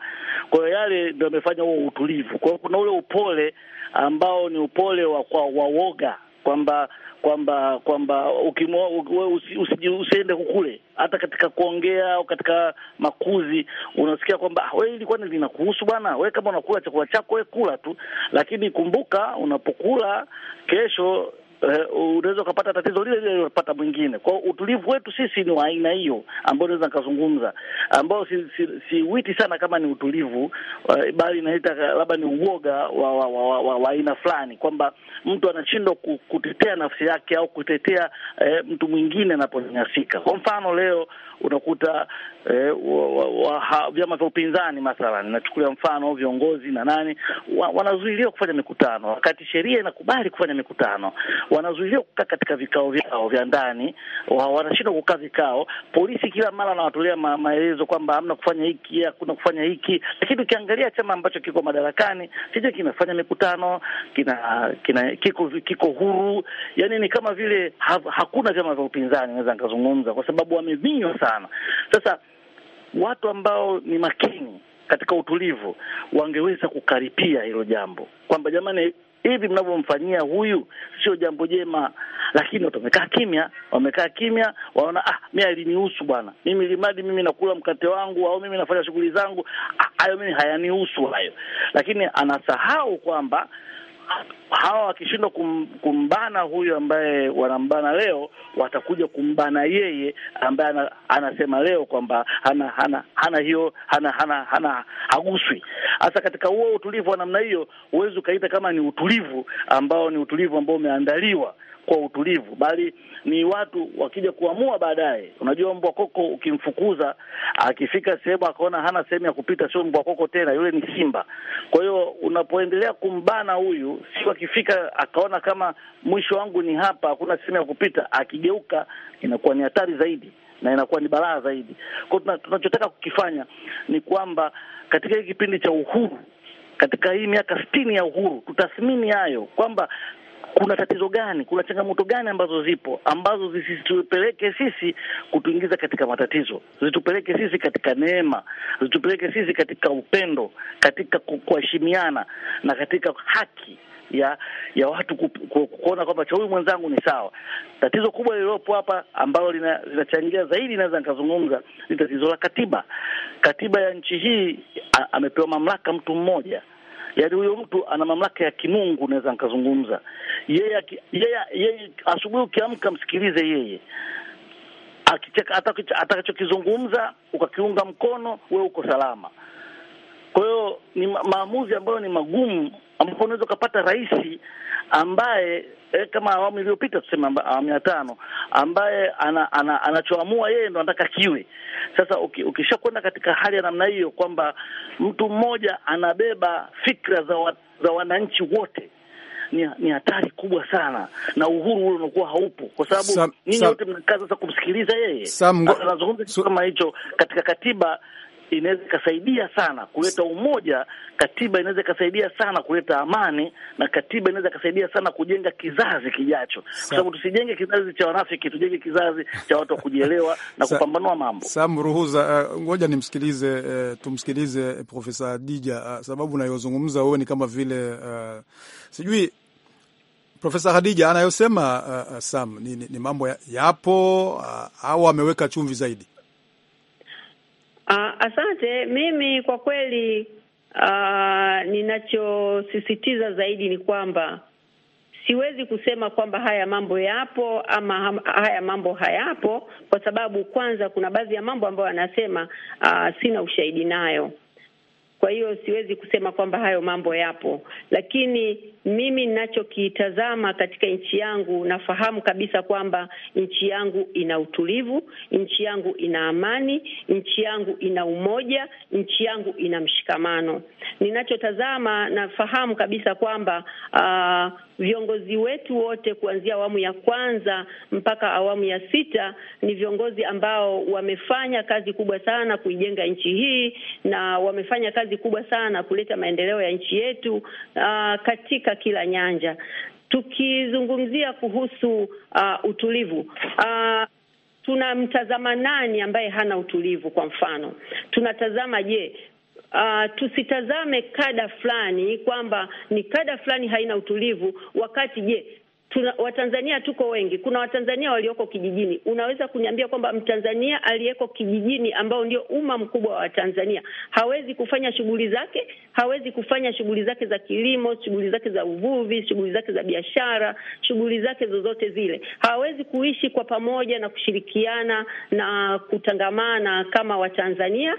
Kwa hiyo yale ndio amefanya huo utulivu. Kwa hiyo kuna ule upole ambao ni upole wa kwa woga kwamba kwamba kwamba ukimwa usiende kukule, hata katika kuongea au katika makuzi unasikia kwamba ah, we, ili kwani linakuhusu bwana? We kama unakula chakula chako we kula tu, lakini kumbuka unapokula kesho uh, unaweza ukapata tatizo lile lile lilopata mwingine. Kwao utulivu wetu sisi ni wa aina hiyo ambao naweza nikazungumza, ambao siwiti si, si sana kama ni utulivu uh, bali inaita labda ni uoga wa, wa, wa, wa, wa aina fulani kwamba mtu anashindwa kutetea nafsi yake au kutetea uh, mtu mwingine anaponyanyasika. Kwa mfano leo unakuta eh, vyama vya upinzani mathalan, nachukulia mfano viongozi na nani wa, wanazuiliwa kufanya mikutano, wakati sheria inakubali kufanya mikutano. Wanazuiliwa kukaa katika vikao vyao vya ndani, wanashindwa kukaa vikao. Polisi kila mara wanawatolea ma, maelezo kwamba hamna kufanya hiki, hakuna kufanya hiki, lakini ukiangalia chama ambacho kiko madarakani chenye kimefanya mikutano, kina, kina kiko kiko huru, yani ni kama vile ha, hakuna vyama vya upinzani, naweza nikazungumza kwa sababu wamevinywa sana sana. Sasa watu ambao ni makini katika utulivu wangeweza kukaripia hilo jambo kwamba jamani, hivi mnavyomfanyia huyu sio jambo jema, lakini watu wamekaa kimya, wamekaa kimya, waona ah, mi alinihusu bwana, mimi limadi, mimi nakula mkate wangu au mimi nafanya shughuli zangu, ah, hayo ah, mimi hayanihusu hayo, lakini anasahau kwamba hawa wakishindwa kum, kumbana huyu ambaye wanambana leo, watakuja kumbana yeye ambaye ana, anasema leo kwamba hana hana hana hiyo hana hana hana haguswi. Hasa katika huo utulivu wa namna hiyo, huwezi ukaita kama ni utulivu ambao ni utulivu ambao umeandaliwa kwa utulivu, bali ni watu wakija kuamua baadaye. Unajua, mbwa koko ukimfukuza, akifika sehemu akaona hana sehemu ya kupita, sio mbwa koko tena, yule ni simba. Kwa hiyo unapoendelea kumbana huyu, sio akifika akaona kama mwisho wangu ni hapa, hakuna sehemu ya kupita, akigeuka inakuwa ni hatari zaidi na inakuwa ni balaa zaidi. Kwa hiyo tunachotaka kukifanya ni kwamba katika hii kipindi cha uhuru katika hii miaka sitini ya uhuru tutathmini hayo, kwamba kuna tatizo gani, kuna changamoto gani ambazo zipo ambazo zisitupeleke sisi kutuingiza katika matatizo, zitupeleke sisi katika neema, zitupeleke sisi katika upendo, katika kuheshimiana na katika haki ya ya watu kuona kwamba cha huyu mwenzangu ni sawa. Tatizo kubwa lililopo hapa ambalo linachangia lina zaidi, naweza nikazungumza ni tatizo la katiba. Katiba ya nchi hii a, amepewa mamlaka mtu mmoja Yaani huyo mtu ana mamlaka ya kimungu, naweza nikazungumza yeye. Yeye yeye, asubuhi ukiamka, msikilize yeye atakachokizungumza, ukakiunga mkono, we uko salama. Kwa hiyo ni maamuzi ambayo ni magumu, ambapo unaweza ukapata rais ambaye eh, kama awamu iliyopita tuseme, awamu ya tano, ambaye ana, ana, anachoamua yeye ndo anataka kiwe. Sasa ukishakwenda katika hali ya namna hiyo kwamba mtu mmoja anabeba fikra za, wa, za wananchi wote ni, ni hatari kubwa sana na uhuru ule unakuwa haupo, kwa sababu ninyi wote mnakaa sasa kumsikiliza yeye. Anazungumza kitu kama hicho katika katiba inaweza ikasaidia sana kuleta umoja. Katiba inaweza ikasaidia sana kuleta amani, na katiba inaweza ikasaidia sana kujenga kizazi kijacho, kwa sababu tusijenge kizazi cha wanafiki, tujenge kizazi cha watu wa kujielewa na kupambanua mambo. Sam ruhuza, uh, ngoja nimsikilize uh, tumsikilize Profesa Hadija uh, sababu unayozungumza wewe ni kama vile uh, sijui Profesa Hadija anayosema uh, uh Sam ni, ni, ni mambo yapo uh, au ameweka chumvi zaidi Uh, asante. Mimi kwa kweli uh, ninachosisitiza zaidi ni kwamba siwezi kusema kwamba haya mambo yapo ama haya mambo hayapo, kwa sababu kwanza kuna baadhi ya mambo ambayo anasema uh, sina ushahidi nayo. Kwa hiyo siwezi kusema kwamba hayo mambo yapo, lakini mimi ninachokitazama katika nchi yangu, nafahamu kabisa kwamba nchi yangu ina utulivu, nchi yangu ina amani, nchi yangu ina umoja, nchi yangu ina mshikamano. Ninachotazama nafahamu kabisa kwamba uh, viongozi wetu wote kuanzia awamu ya kwanza mpaka awamu ya sita ni viongozi ambao wamefanya kazi kubwa sana kuijenga nchi hii na wamefanya kazi kazi kubwa sana kuleta maendeleo ya nchi yetu uh, katika kila nyanja. Tukizungumzia kuhusu uh, utulivu uh, ah, tunamtazama nani ambaye hana utulivu? Kwa mfano tunatazama je, Uh, tusitazame kada fulani kwamba ni kada fulani haina utulivu, wakati je tuna Watanzania tuko wengi, kuna Watanzania walioko kijijini. Unaweza kuniambia kwamba Mtanzania aliyeko kijijini ambao ndio umma mkubwa wa Watanzania hawezi kufanya shughuli zake, hawezi kufanya shughuli zake za kilimo, shughuli zake za uvuvi, shughuli zake za biashara, shughuli zake zozote zile, hawezi kuishi kwa pamoja na kushirikiana na kutangamana kama Watanzania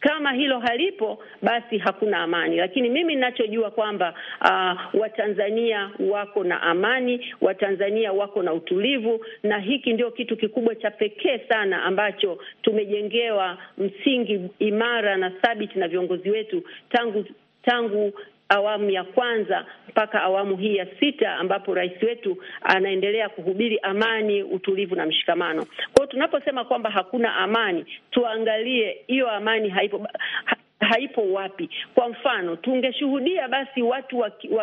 kama hilo halipo, basi hakuna amani. Lakini mimi ninachojua kwamba uh, Watanzania wako na amani, Watanzania wako na utulivu, na hiki ndio kitu kikubwa cha pekee sana ambacho tumejengewa msingi imara na thabiti na viongozi wetu tangu tangu awamu ya kwanza mpaka awamu hii ya sita ambapo rais wetu anaendelea kuhubiri amani, utulivu na mshikamano. Kwa hiyo tunaposema kwamba hakuna amani, tuangalie hiyo amani haipo, ha, haipo wapi. Kwa mfano, tungeshuhudia basi watu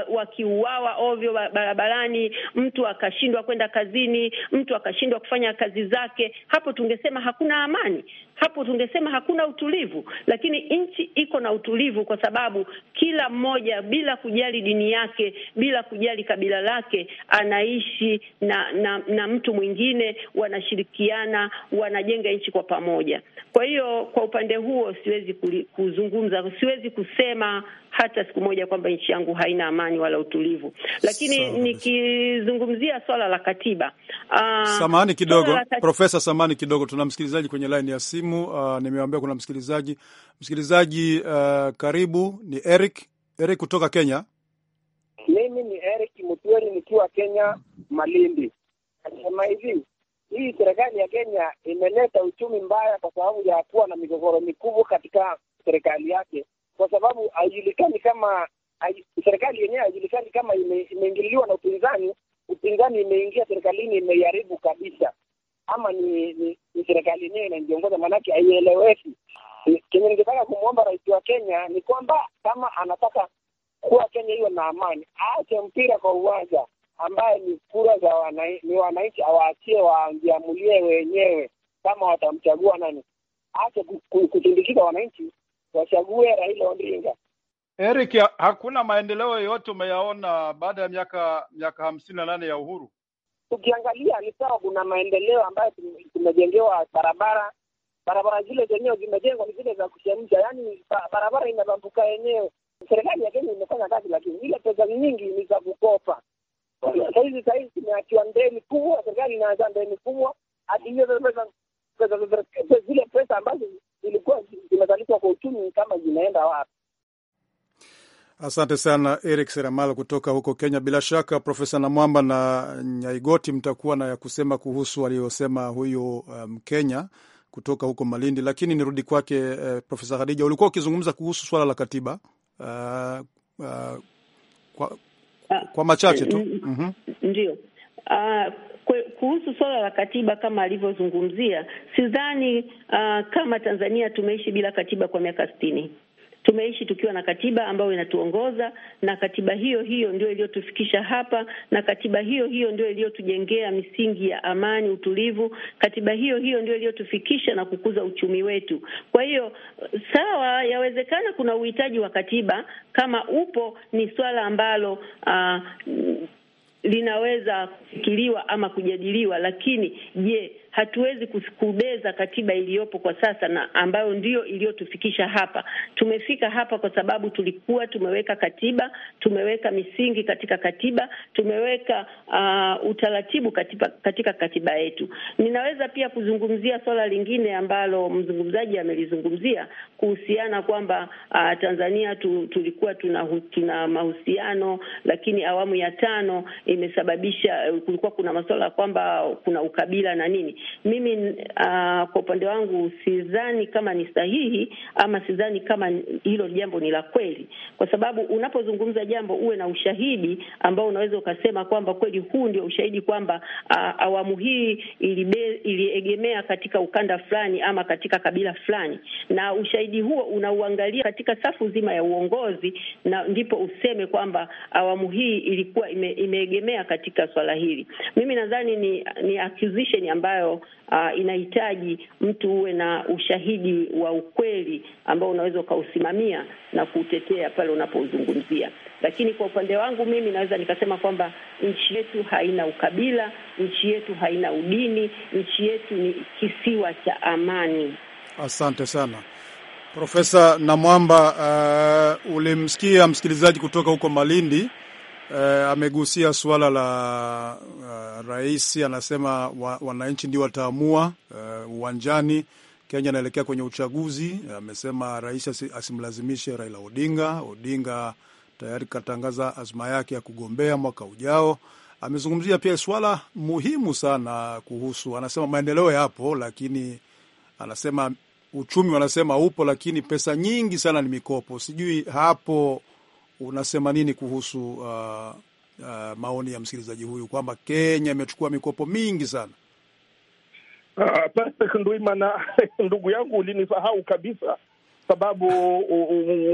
wakiuawa wa, wa ovyo barabarani, mtu akashindwa kwenda kazini, mtu akashindwa kufanya kazi zake, hapo tungesema hakuna amani, hapo tungesema hakuna utulivu. Lakini nchi iko na utulivu kwa sababu kila mmoja bila kujali dini yake, bila kujali kabila lake, anaishi na na, na mtu mwingine, wanashirikiana, wanajenga nchi kwa pamoja. Kwa hiyo kwa upande huo siwezi kuzungumza kuzungumza, siwezi kusema hata siku moja kwamba nchi yangu haina amani wala utulivu, lakini so, nikizungumzia swala la katiba uh, ah, samani kidogo kat... Profesa, samani kidogo, tuna msikilizaji kwenye laini ya simu. uh, Nimewaambia kuna msikilizaji msikilizaji. uh, karibu, ni Eric Eric kutoka Kenya. Mimi ni Eric Mutweli nikiwa Kenya, Malindi. Nasema hivi hii serikali ya Kenya imeleta uchumi mbaya kwa sababu ya kuwa na migogoro mikubwa katika serikali yake, kwa sababu haijulikani kama serikali yenyewe haijulikani kama imeingililiwa ime na upinzani, upinzani imeingia serikalini imeiharibu kabisa, ama ni, ni, ni serikali yenyewe inajiongoza, maanake haieleweki. Kenye ningetaka kumwomba rais wa Kenya ni kwamba kama anataka kuwa Kenya hiyo na amani, aache mpira kwa uwanja ambaye ni kura za wananchi, ni wananchi awaachie waangiamulie wenyewe kama watamchagua nani, ache kutindikiza wananchi wachague Raila Odinga. Eric, hakuna maendeleo yoyote umeyaona baada ya miaka miaka hamsini na nane ya uhuru? Tukiangalia ni sawa, kuna maendeleo ambayo tumejengewa barabara. Barabara zile zenyewe zimejengwa ni zile za kuchemsha, yaani barabara inabambuka yenyewe. Serikali ya Kenya imefanya kazi, lakini ile pesa nyingi ni za kukopa. Sahizi sahizi tumeachiwa ndeni kubwa, serikali inaanza ndeni kubwa, hadi hiyo zile pesa ambazo zilikuwa zimezalishwa kwa uchumi kama zinaenda wapi? Asante sana Eric Seramal kutoka huko Kenya. Bila shaka Profesa Namwamba na Nyaigoti mtakuwa na ya kusema kuhusu aliyosema huyu Mkenya um, kutoka huko Malindi, lakini nirudi kwake uh, Profesa Khadija, ulikuwa ukizungumza kuhusu swala la katiba uh, uh, kwa, kwa machache tu eh, mm -hmm. Ndio ah, kuhusu suala la katiba kama alivyozungumzia, sidhani uh, kama Tanzania tumeishi bila katiba kwa miaka sitini. Tumeishi tukiwa na katiba ambayo inatuongoza na katiba hiyo hiyo ndio iliyotufikisha hapa, na katiba hiyo hiyo ndio iliyotujengea misingi ya amani, utulivu. Katiba hiyo hiyo ndio iliyotufikisha na kukuza uchumi wetu. Kwa hiyo, sawa, yawezekana kuna uhitaji wa katiba, kama upo, ni swala ambalo uh, linaweza kufikiriwa ama kujadiliwa, lakini je, hatuwezi kubeza katiba iliyopo kwa sasa na ambayo ndiyo iliyotufikisha hapa. Tumefika hapa kwa sababu tulikuwa tumeweka katiba, tumeweka misingi katika katiba, tumeweka uh, utaratibu katika, katika katiba yetu. Ninaweza pia kuzungumzia swala lingine ambalo mzungumzaji amelizungumzia kuhusiana kwamba uh, Tanzania tu, tulikuwa tuna, tuna mahusiano lakini awamu ya tano imesababisha kulikuwa kuna masuala kwamba kuna ukabila na nini mimi uh, kwa upande wangu sidhani kama ni sahihi ama sidhani kama hilo jambo ni la kweli, kwa sababu unapozungumza jambo uwe na ushahidi ambao unaweza ukasema kwamba kweli huu ndio ushahidi kwamba uh, awamu hii iliegemea katika ukanda fulani ama katika kabila fulani, na ushahidi huo unauangalia katika safu zima ya uongozi, na ndipo useme kwamba awamu hii ilikuwa ime, imeegemea katika swala hili. Mimi nadhani ni, ni accusation ambayo ambayo uh, inahitaji mtu uwe na ushahidi wa ukweli ambao unaweza ukausimamia na kuutetea pale unapouzungumzia. Lakini kwa upande wangu mimi naweza nikasema kwamba nchi yetu haina ukabila, nchi yetu haina udini, nchi yetu ni kisiwa cha amani. Asante sana Profesa Namwamba. Uh, ulimsikia msikilizaji kutoka huko Malindi eh, amegusia suala la uh, rais anasema wa, wananchi ndio wataamua eh, uwanjani. Uh, Kenya anaelekea kwenye uchaguzi. Amesema rais asimlazimishe Raila Odinga. Odinga tayari katangaza azma yake ya kugombea mwaka ujao. Amezungumzia pia swala muhimu sana kuhusu, anasema maendeleo yapo, lakini anasema uchumi wanasema upo, lakini pesa nyingi sana ni mikopo. Sijui hapo unasema nini kuhusu uh, uh, maoni ya msikilizaji huyu kwamba Kenya imechukua mikopo mingi sana? Ah, Patrick Ndwimana, [laughs] ndugu yangu ulinisahau kabisa, sababu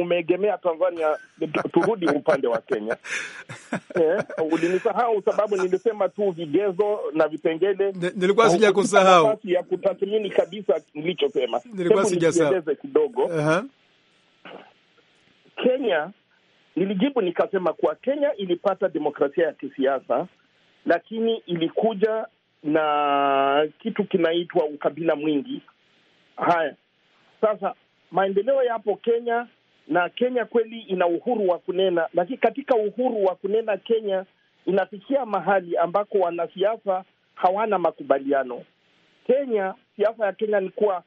umeegemea Tanzania, [laughs] turudi upande wa Kenya. [laughs] Eh, ulinisahau sababu nilisema tu vigezo na vipengele. Nilikuwa kusahau ya kutathmini kabisa nilichosema. Nilikuwa sijasahau kidogo. uh -huh. Kenya Nilijibu nikasema kuwa Kenya ilipata demokrasia ya kisiasa, lakini ilikuja na kitu kinaitwa ukabila mwingi. Haya sasa, maendeleo yapo Kenya na Kenya kweli ina uhuru wa kunena, lakini katika uhuru wa kunena Kenya inafikia mahali ambako wanasiasa hawana makubaliano. Kenya, siasa ya Kenya ni kuwa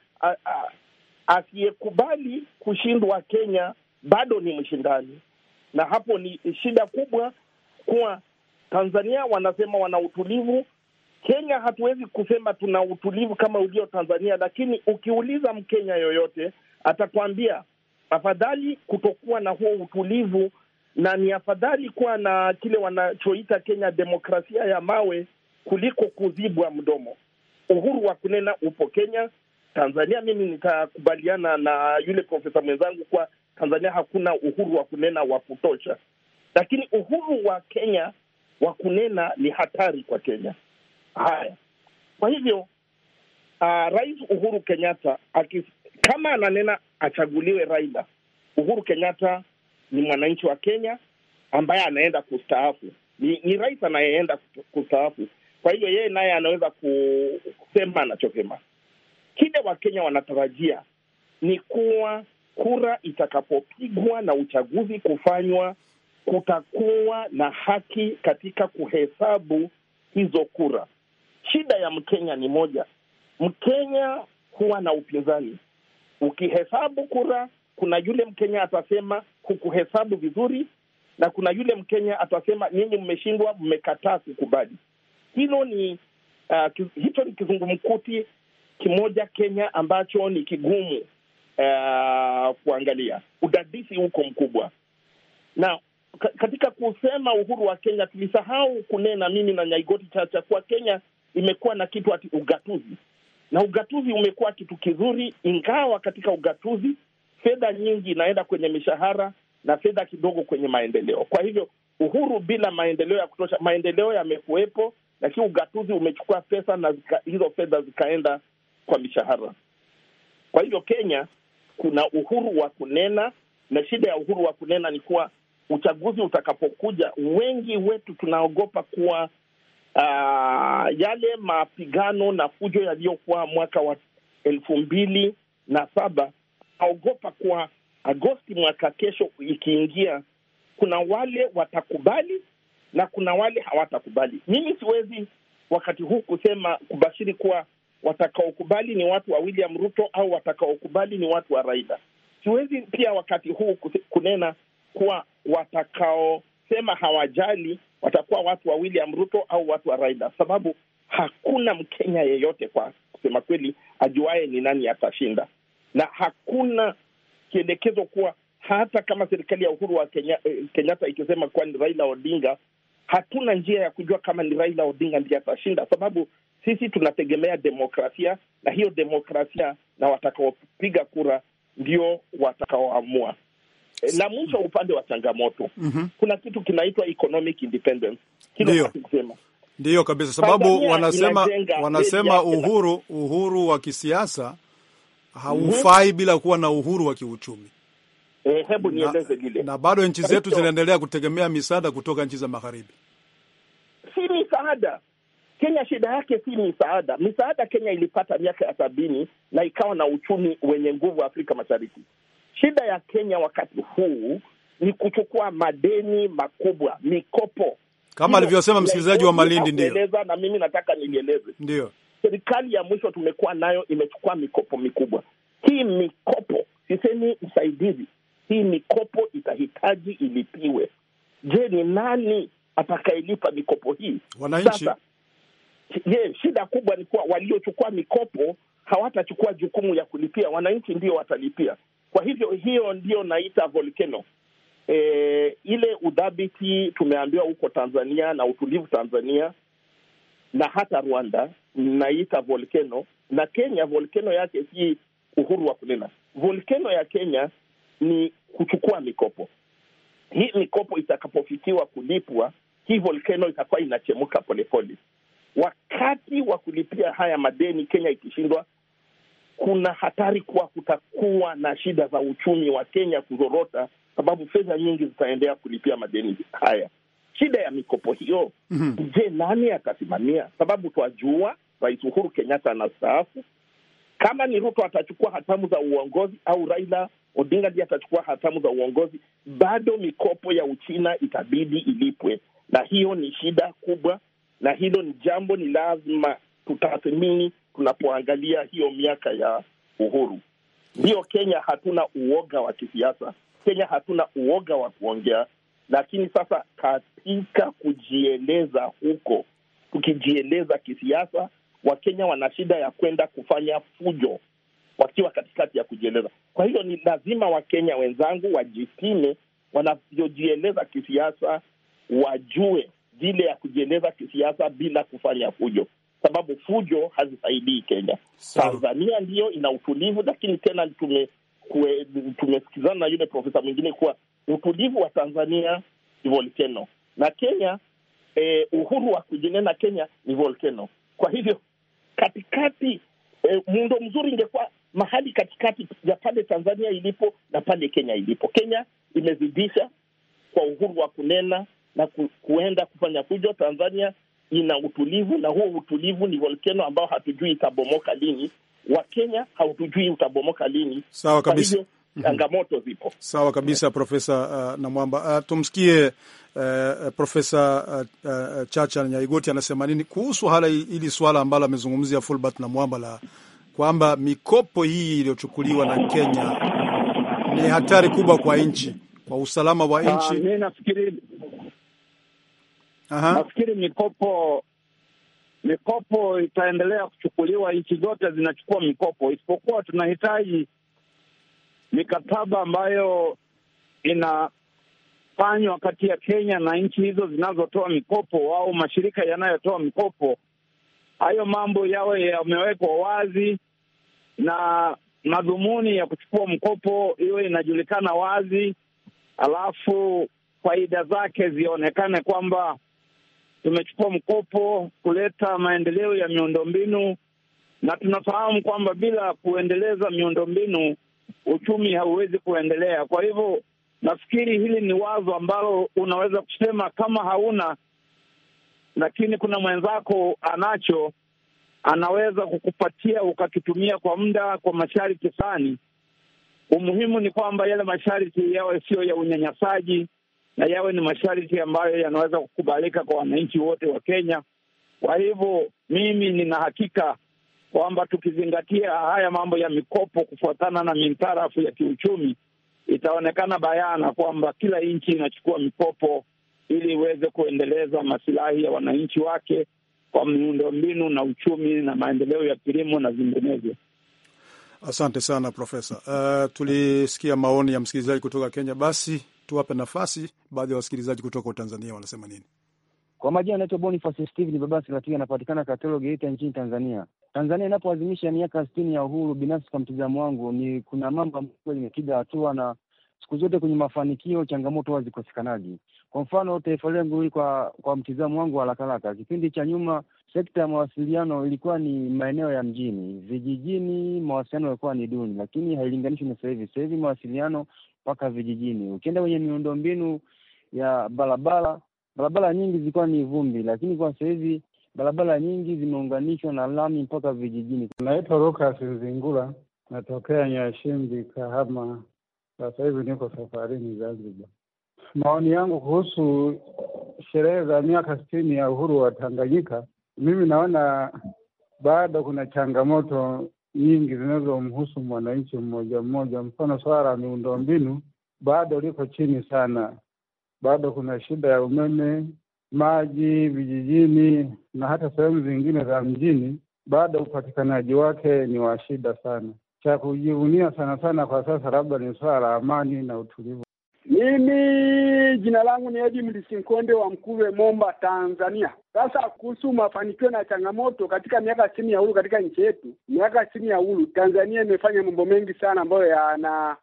asiyekubali kushindwa Kenya bado ni mshindani na hapo ni shida kubwa kuwa Tanzania wanasema wana utulivu. Kenya hatuwezi kusema tuna utulivu kama ulio Tanzania, lakini ukiuliza Mkenya yoyote atakwambia afadhali kutokuwa na huo utulivu, na ni afadhali kuwa na kile wanachoita Kenya demokrasia ya mawe kuliko kuzibwa mdomo. Uhuru wa kunena upo Kenya. Tanzania, mimi nitakubaliana na yule profesa mwenzangu kuwa Tanzania hakuna uhuru wa kunena wa kutosha, lakini uhuru wa Kenya wa kunena ni hatari kwa Kenya. Haya, kwa hivyo uh, Rais Uhuru Kenyatta akis, kama ananena achaguliwe Raila. Uhuru Kenyatta ni mwananchi wa Kenya ambaye anaenda kustaafu, ni, ni rais anayeenda kustaafu. Kwa hiyo yeye naye anaweza kusema anachosema. Kile Wakenya wanatarajia ni kuwa kura itakapopigwa na uchaguzi kufanywa, kutakuwa na haki katika kuhesabu hizo kura. Shida ya Mkenya ni moja, Mkenya huwa na upinzani. Ukihesabu kura, kuna yule Mkenya atasema hukuhesabu vizuri, na kuna yule Mkenya atasema nyinyi mmeshindwa, mmekataa kukubali. Hilo ni uh, hicho ni kizungumkuti kimoja Kenya ambacho ni kigumu uh, kuangalia udadisi huko mkubwa. Na katika kusema uhuru wa Kenya tulisahau kunena mimi na Nyaigoti Chacha kuwa Kenya imekuwa na kitu ati ugatuzi, na ugatuzi umekuwa kitu kizuri, ingawa katika ugatuzi fedha nyingi inaenda kwenye mishahara na fedha kidogo kwenye maendeleo. Kwa hivyo uhuru bila maendeleo ya kutosha, maendeleo yamekuwepo, lakini ugatuzi umechukua pesa na zika, hizo fedha zikaenda kwa mishahara. Kwa hivyo Kenya kuna uhuru wa kunena, na shida ya uhuru wa kunena ni kuwa uchaguzi utakapokuja, wengi wetu tunaogopa kuwa uh, yale mapigano na fujo yaliyokuwa mwaka wa elfu mbili na saba, naogopa kuwa Agosti mwaka kesho ikiingia, kuna wale watakubali na kuna wale hawatakubali. Mimi siwezi wakati huu kusema kubashiri kuwa watakaokubali ni watu wa William Ruto au watakaokubali ni watu wa Raila. Siwezi pia wakati huu kunena kuwa watakaosema hawajali watakuwa watu wa William Ruto au watu wa Raila, sababu hakuna Mkenya yeyote kwa kusema kweli ajuaye ni nani atashinda, na hakuna kielekezo kuwa hata kama serikali ya Uhuru wa eh, Kenyatta eh, ikisema kuwa ni Raila Odinga, hatuna njia ya kujua kama ni Raila Odinga ndiye atashinda, sababu sisi tunategemea demokrasia, na hiyo demokrasia na watakaopiga kura ndio watakaoamua. Na eh, mwisho, upande wa changamoto mm -hmm. kuna kitu kinaitwa economic independence, ndiyo kabisa, sababu Tanzania wanasema wanasema uhuru uhuru wa kisiasa haufai mm -hmm. bila kuwa na uhuru wa kiuchumi. Eh, hebu nieleze lile. Na bado nchi zetu zinaendelea kutegemea misaada kutoka nchi za magharibi, si misaada Kenya shida yake si misaada. Misaada Kenya ilipata miaka ya sabini na ikawa na uchumi wenye nguvu Afrika Mashariki. Shida ya Kenya wakati huu ni kuchukua madeni makubwa, mikopo, kama alivyosema msikilizaji wa Malindi. Ndio na mimi nataka nilieleze, ndio serikali ya mwisho tumekuwa nayo imechukua mikopo mikubwa. Hii mikopo sisemi msaidizi, hii mikopo itahitaji ilipiwe. Je, ni nani atakayelipa mikopo hii? Wananchi. Sasa Je, shida kubwa ni kuwa waliochukua mikopo hawatachukua jukumu ya kulipia, wananchi ndio watalipia. Kwa hivyo hiyo ndio naita volcano. E, ile udhabiti tumeambiwa huko Tanzania na utulivu Tanzania na hata Rwanda naita volcano, na Kenya volcano yake si uhuru wa kunena. Volcano ya Kenya ni kuchukua mikopo. Hii mikopo itakapofikiwa kulipwa, hii volcano itakuwa inachemka polepole pole wakati wa kulipia haya madeni, Kenya ikishindwa, kuna hatari kuwa kutakuwa na shida za uchumi wa Kenya kuzorota, sababu fedha nyingi zitaendelea kulipia madeni haya. Shida ya mikopo hiyo, mm -hmm. Je, nani atasimamia? Sababu twajua Rais Uhuru Kenyatta anastaafu. Kama ni Ruto atachukua hatamu za uongozi au Raila Odinga ndiye atachukua hatamu za uongozi, bado mikopo ya Uchina itabidi ilipwe, na hiyo ni shida kubwa na hilo ni jambo ni lazima tutathmini tunapoangalia hiyo miaka ya uhuru. Ndiyo, Kenya hatuna uoga wa kisiasa, Kenya hatuna uoga wa kuongea, lakini sasa katika kujieleza huko, tukijieleza kisiasa, Wakenya wana shida ya kwenda kufanya fujo wakiwa katikati ya kujieleza. Kwa hiyo ni lazima Wakenya wenzangu wajipime wanavyojieleza kisiasa, wajue vile ya kujieleza kisiasa bila kufanya fujo, sababu fujo hazisaidii Kenya. So, Tanzania ndiyo ina utulivu, lakini tena tumesikizana na yule profesa mwingine kuwa utulivu wa Tanzania ni volcano na Kenya eh, uhuru wa kujinena Kenya ni volcano. Kwa hivyo katikati, eh, muundo mzuri ingekuwa mahali katikati ya pale Tanzania ilipo na pale Kenya ilipo. Kenya imezidisha kwa uhuru wa kunena na ku, kuenda kufanya fujo. Tanzania ina utulivu, na huo utulivu ni volkeno ambao hatujui itabomoka lini. Wakenya hatujui utabomoka lini. Sawa kabisa. Mhm. Changamoto zipo. Sawa kabisa, Profesa uh, Namwamba. Uh, tumsikie uh, uh, Profesa uh, uh, Chacha Nyaigoti anasema nini kuhusu hala hili swala ambalo amezungumzia Fulbert Namwamba la kwamba mikopo hii iliyochukuliwa na Kenya ni hatari kubwa kwa nchi, kwa usalama wa ah, nchi. Uh, mi nafikiri Nafikiri mikopo mikopo itaendelea kuchukuliwa, nchi zote zinachukua mikopo, isipokuwa tunahitaji mikataba ambayo inafanywa kati ya Kenya na nchi hizo zinazotoa mikopo au mashirika yanayotoa mikopo. Hayo mambo yawe yamewekwa wazi na madhumuni ya kuchukua mkopo iwe inajulikana wazi, alafu faida zake zionekane kwamba tumechukua mkopo kuleta maendeleo ya miundombinu, na tunafahamu kwamba bila kuendeleza miundombinu uchumi hauwezi kuendelea. Kwa hivyo nafikiri hili ni wazo ambalo unaweza kusema kama hauna, lakini kuna mwenzako anacho, anaweza kukupatia ukakitumia kwa muda, kwa masharti fulani. Umuhimu ni kwamba yale masharti yawe sio ya unyanyasaji, na yawe ni masharti ambayo yanaweza kukubalika kwa wananchi wote wa Kenya. Kwa hivyo mimi nina hakika kwamba tukizingatia haya mambo ya mikopo kufuatana na mintarafu ya kiuchumi, itaonekana bayana kwamba kila nchi inachukua mikopo ili iweze kuendeleza masilahi ya wananchi wake kwa miundombinu na uchumi na maendeleo ya kilimo na vinginevyo. Asante sana Profesa. Uh, tulisikia maoni ya msikilizaji kutoka Kenya. Basi tuwape nafasi baadhi ya wasikilizaji kutoka Tanzania wanasema nini. Kwa majina anaitwa Boniface Steve, ni baba Silatiga, anapatikana Katoro Geita nchini Tanzania. Tanzania inapoadhimisha miaka sitini ya uhuru, binafsi kwa mtizamo wangu ni kuna mambo ambayo imepiga hatua, na siku zote kwenye mafanikio changamoto huwa zikosekanaji. Kwa mfano taifa lengu hili, kwa kwa mtizamo wangu haraka haraka, kipindi cha nyuma sekta ya mawasiliano ilikuwa ni maeneo ya mjini, vijijini mawasiliano yalikuwa ni duni, lakini hailinganishwi na sasa hivi. Sasa hivi mawasiliano mpaka vijijini. Ukienda kwenye miundo mbinu ya barabara, barabara nyingi zilikuwa ni vumbi, lakini kwa sasa hivi barabara nyingi zimeunganishwa na lami mpaka vijijini. Naitwa Lukas Nzingula, natokea Nyashimbi, Kahama. Sasa hivi niko safarini Zanzibar. Maoni yangu kuhusu sherehe za miaka sitini ya uhuru wa Tanganyika, mimi naona bado kuna changamoto nyingi zinazomhusu mwananchi mmoja mmoja. Mfano, swala la miundombinu bado liko chini sana, bado kuna shida ya umeme, maji vijijini na hata sehemu zingine za mjini, bado upatikanaji wake ni wa shida sana. Cha kujivunia sana sana kwa sasa labda ni swala la amani na utulivu. Mimi jina langu ni Edi Mlisinkonde wa Mkuve, Momba, Tanzania. Sasa kuhusu mafanikio na changamoto katika miaka sitini ya uhuru katika nchi yetu, miaka sitini ya uhuru, Tanzania imefanya mambo mengi sana ambayo yana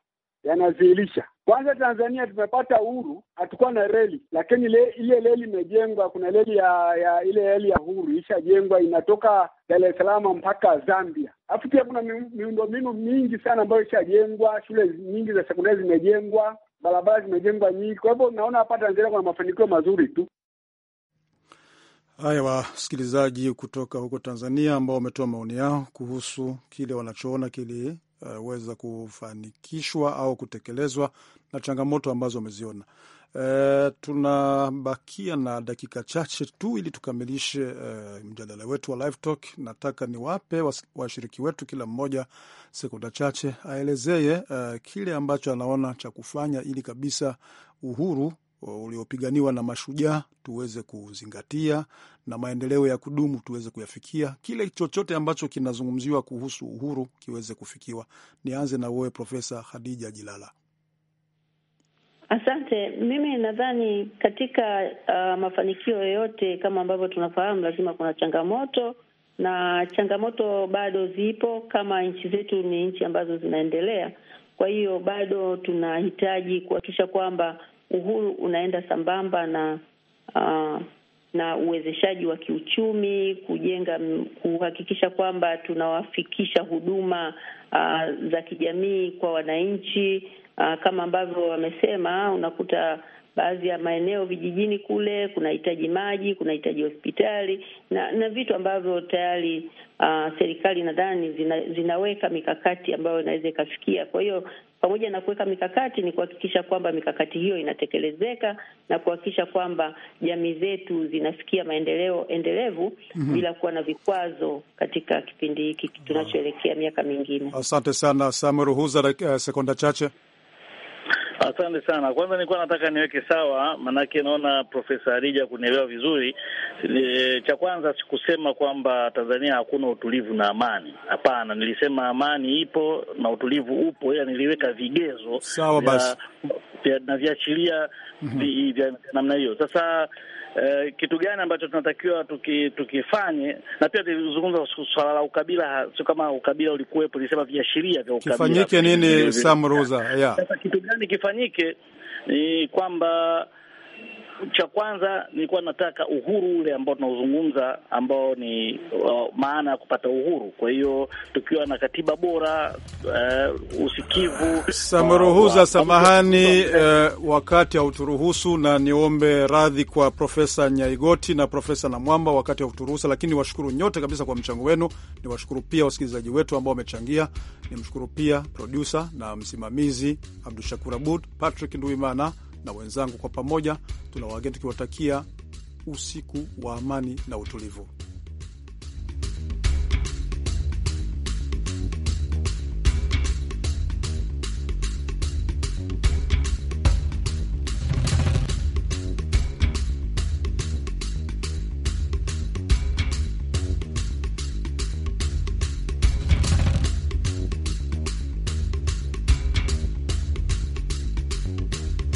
yanazihilisha kwanza, Tanzania tumepata uhuru, hatukuwa na reli, lakini le, ile reli imejengwa. Kuna reli ya, ya ile reli ya uhuru ishajengwa, inatoka Dar es Salaam mpaka Zambia. Alafu pia kuna miundombinu mingi sana ambayo ishajengwa, shule nyingi za sekondari zimejengwa, barabara zimejengwa nyingi. Kwa hivyo naona hapa Tanzania kuna mafanikio mazuri tu. Haya, wasikilizaji kutoka huko Tanzania ambao wametoa maoni yao kuhusu kile wanachoona kiliweza uh, kufanikishwa au kutekelezwa na changamoto ambazo wameziona. E, tunabakia na dakika chache tu ili tukamilishe e, mjadala wetu wa live talk. Nataka niwape washiriki wetu kila mmoja sekunda chache aelezee e, kile ambacho anaona cha kufanya ili kabisa uhuru e, uliopiganiwa na mashujaa tuweze kuzingatia na maendeleo ya kudumu tuweze kuyafikia. Kile chochote ambacho kinazungumziwa kuhusu uhuru kiweze kufikiwa. Nianze na wewe Profesa Khadija Jilala. Asante. Mimi nadhani katika uh, mafanikio yoyote, kama ambavyo tunafahamu, lazima kuna changamoto na changamoto bado zipo. Kama nchi zetu ni nchi ambazo zinaendelea, kwa hiyo bado tunahitaji kuhakikisha kwamba uhuru unaenda sambamba na uh, na uwezeshaji wa kiuchumi, kujenga, kuhakikisha kwamba tunawafikisha huduma uh, za kijamii kwa wananchi uh, kama ambavyo wamesema, unakuta baadhi ya maeneo vijijini kule kunahitaji maji, kunahitaji hospitali na na vitu ambavyo tayari uh, serikali nadhani zina, zinaweka mikakati ambayo inaweza ikafikia. Kwa hiyo pamoja na kuweka mikakati, ni kuhakikisha kwamba mikakati hiyo inatekelezeka na kuhakikisha kwamba jamii zetu zinafikia maendeleo endelevu mm -hmm. bila kuwa na vikwazo katika kipindi hiki tunachoelekea miaka mingine. Asante sana Samuel Huza, uh, sekonda chache Asante sana. Kwanza nilikuwa nataka niweke sawa, maanake naona Profesa Arija kunielewa vizuri. E, cha kwanza sikusema kwamba Tanzania hakuna utulivu na amani. Hapana, nilisema amani ipo na utulivu upo, ila niliweka vigezo sawa basi na viachilia mhm. vya namna hiyo. Sasa eh, kitu gani ambacho tunatakiwa tuki, tukifanye. Na pia tulizungumza swala la ukabila, sio kama ukabila ulikuwepo, nilisema viashiria vya ukabila kifanyike nini, Samruza? Yeah. Sasa kitu gani kifanyike ni kwamba cha kwanza nilikuwa nataka uhuru ule ambao tunauzungumza ambao ni uh, maana ya kupata uhuru. Kwa hiyo tukiwa na katiba bora uh, usikivu samruhuza wa, samahani uh, wakati hauturuhusu, na niombe radhi kwa Profesa Nyaigoti na Profesa Namwamba, wakati hauturuhusu, lakini washukuru nyote kabisa kwa mchango wenu. Niwashukuru pia wasikilizaji wetu ambao wamechangia. Nimshukuru pia produsa na msimamizi Abdushakur Abud, Patrick Nduimana na wenzangu, kwa pamoja tuna wageni tukiwatakia usiku wa amani na utulivu.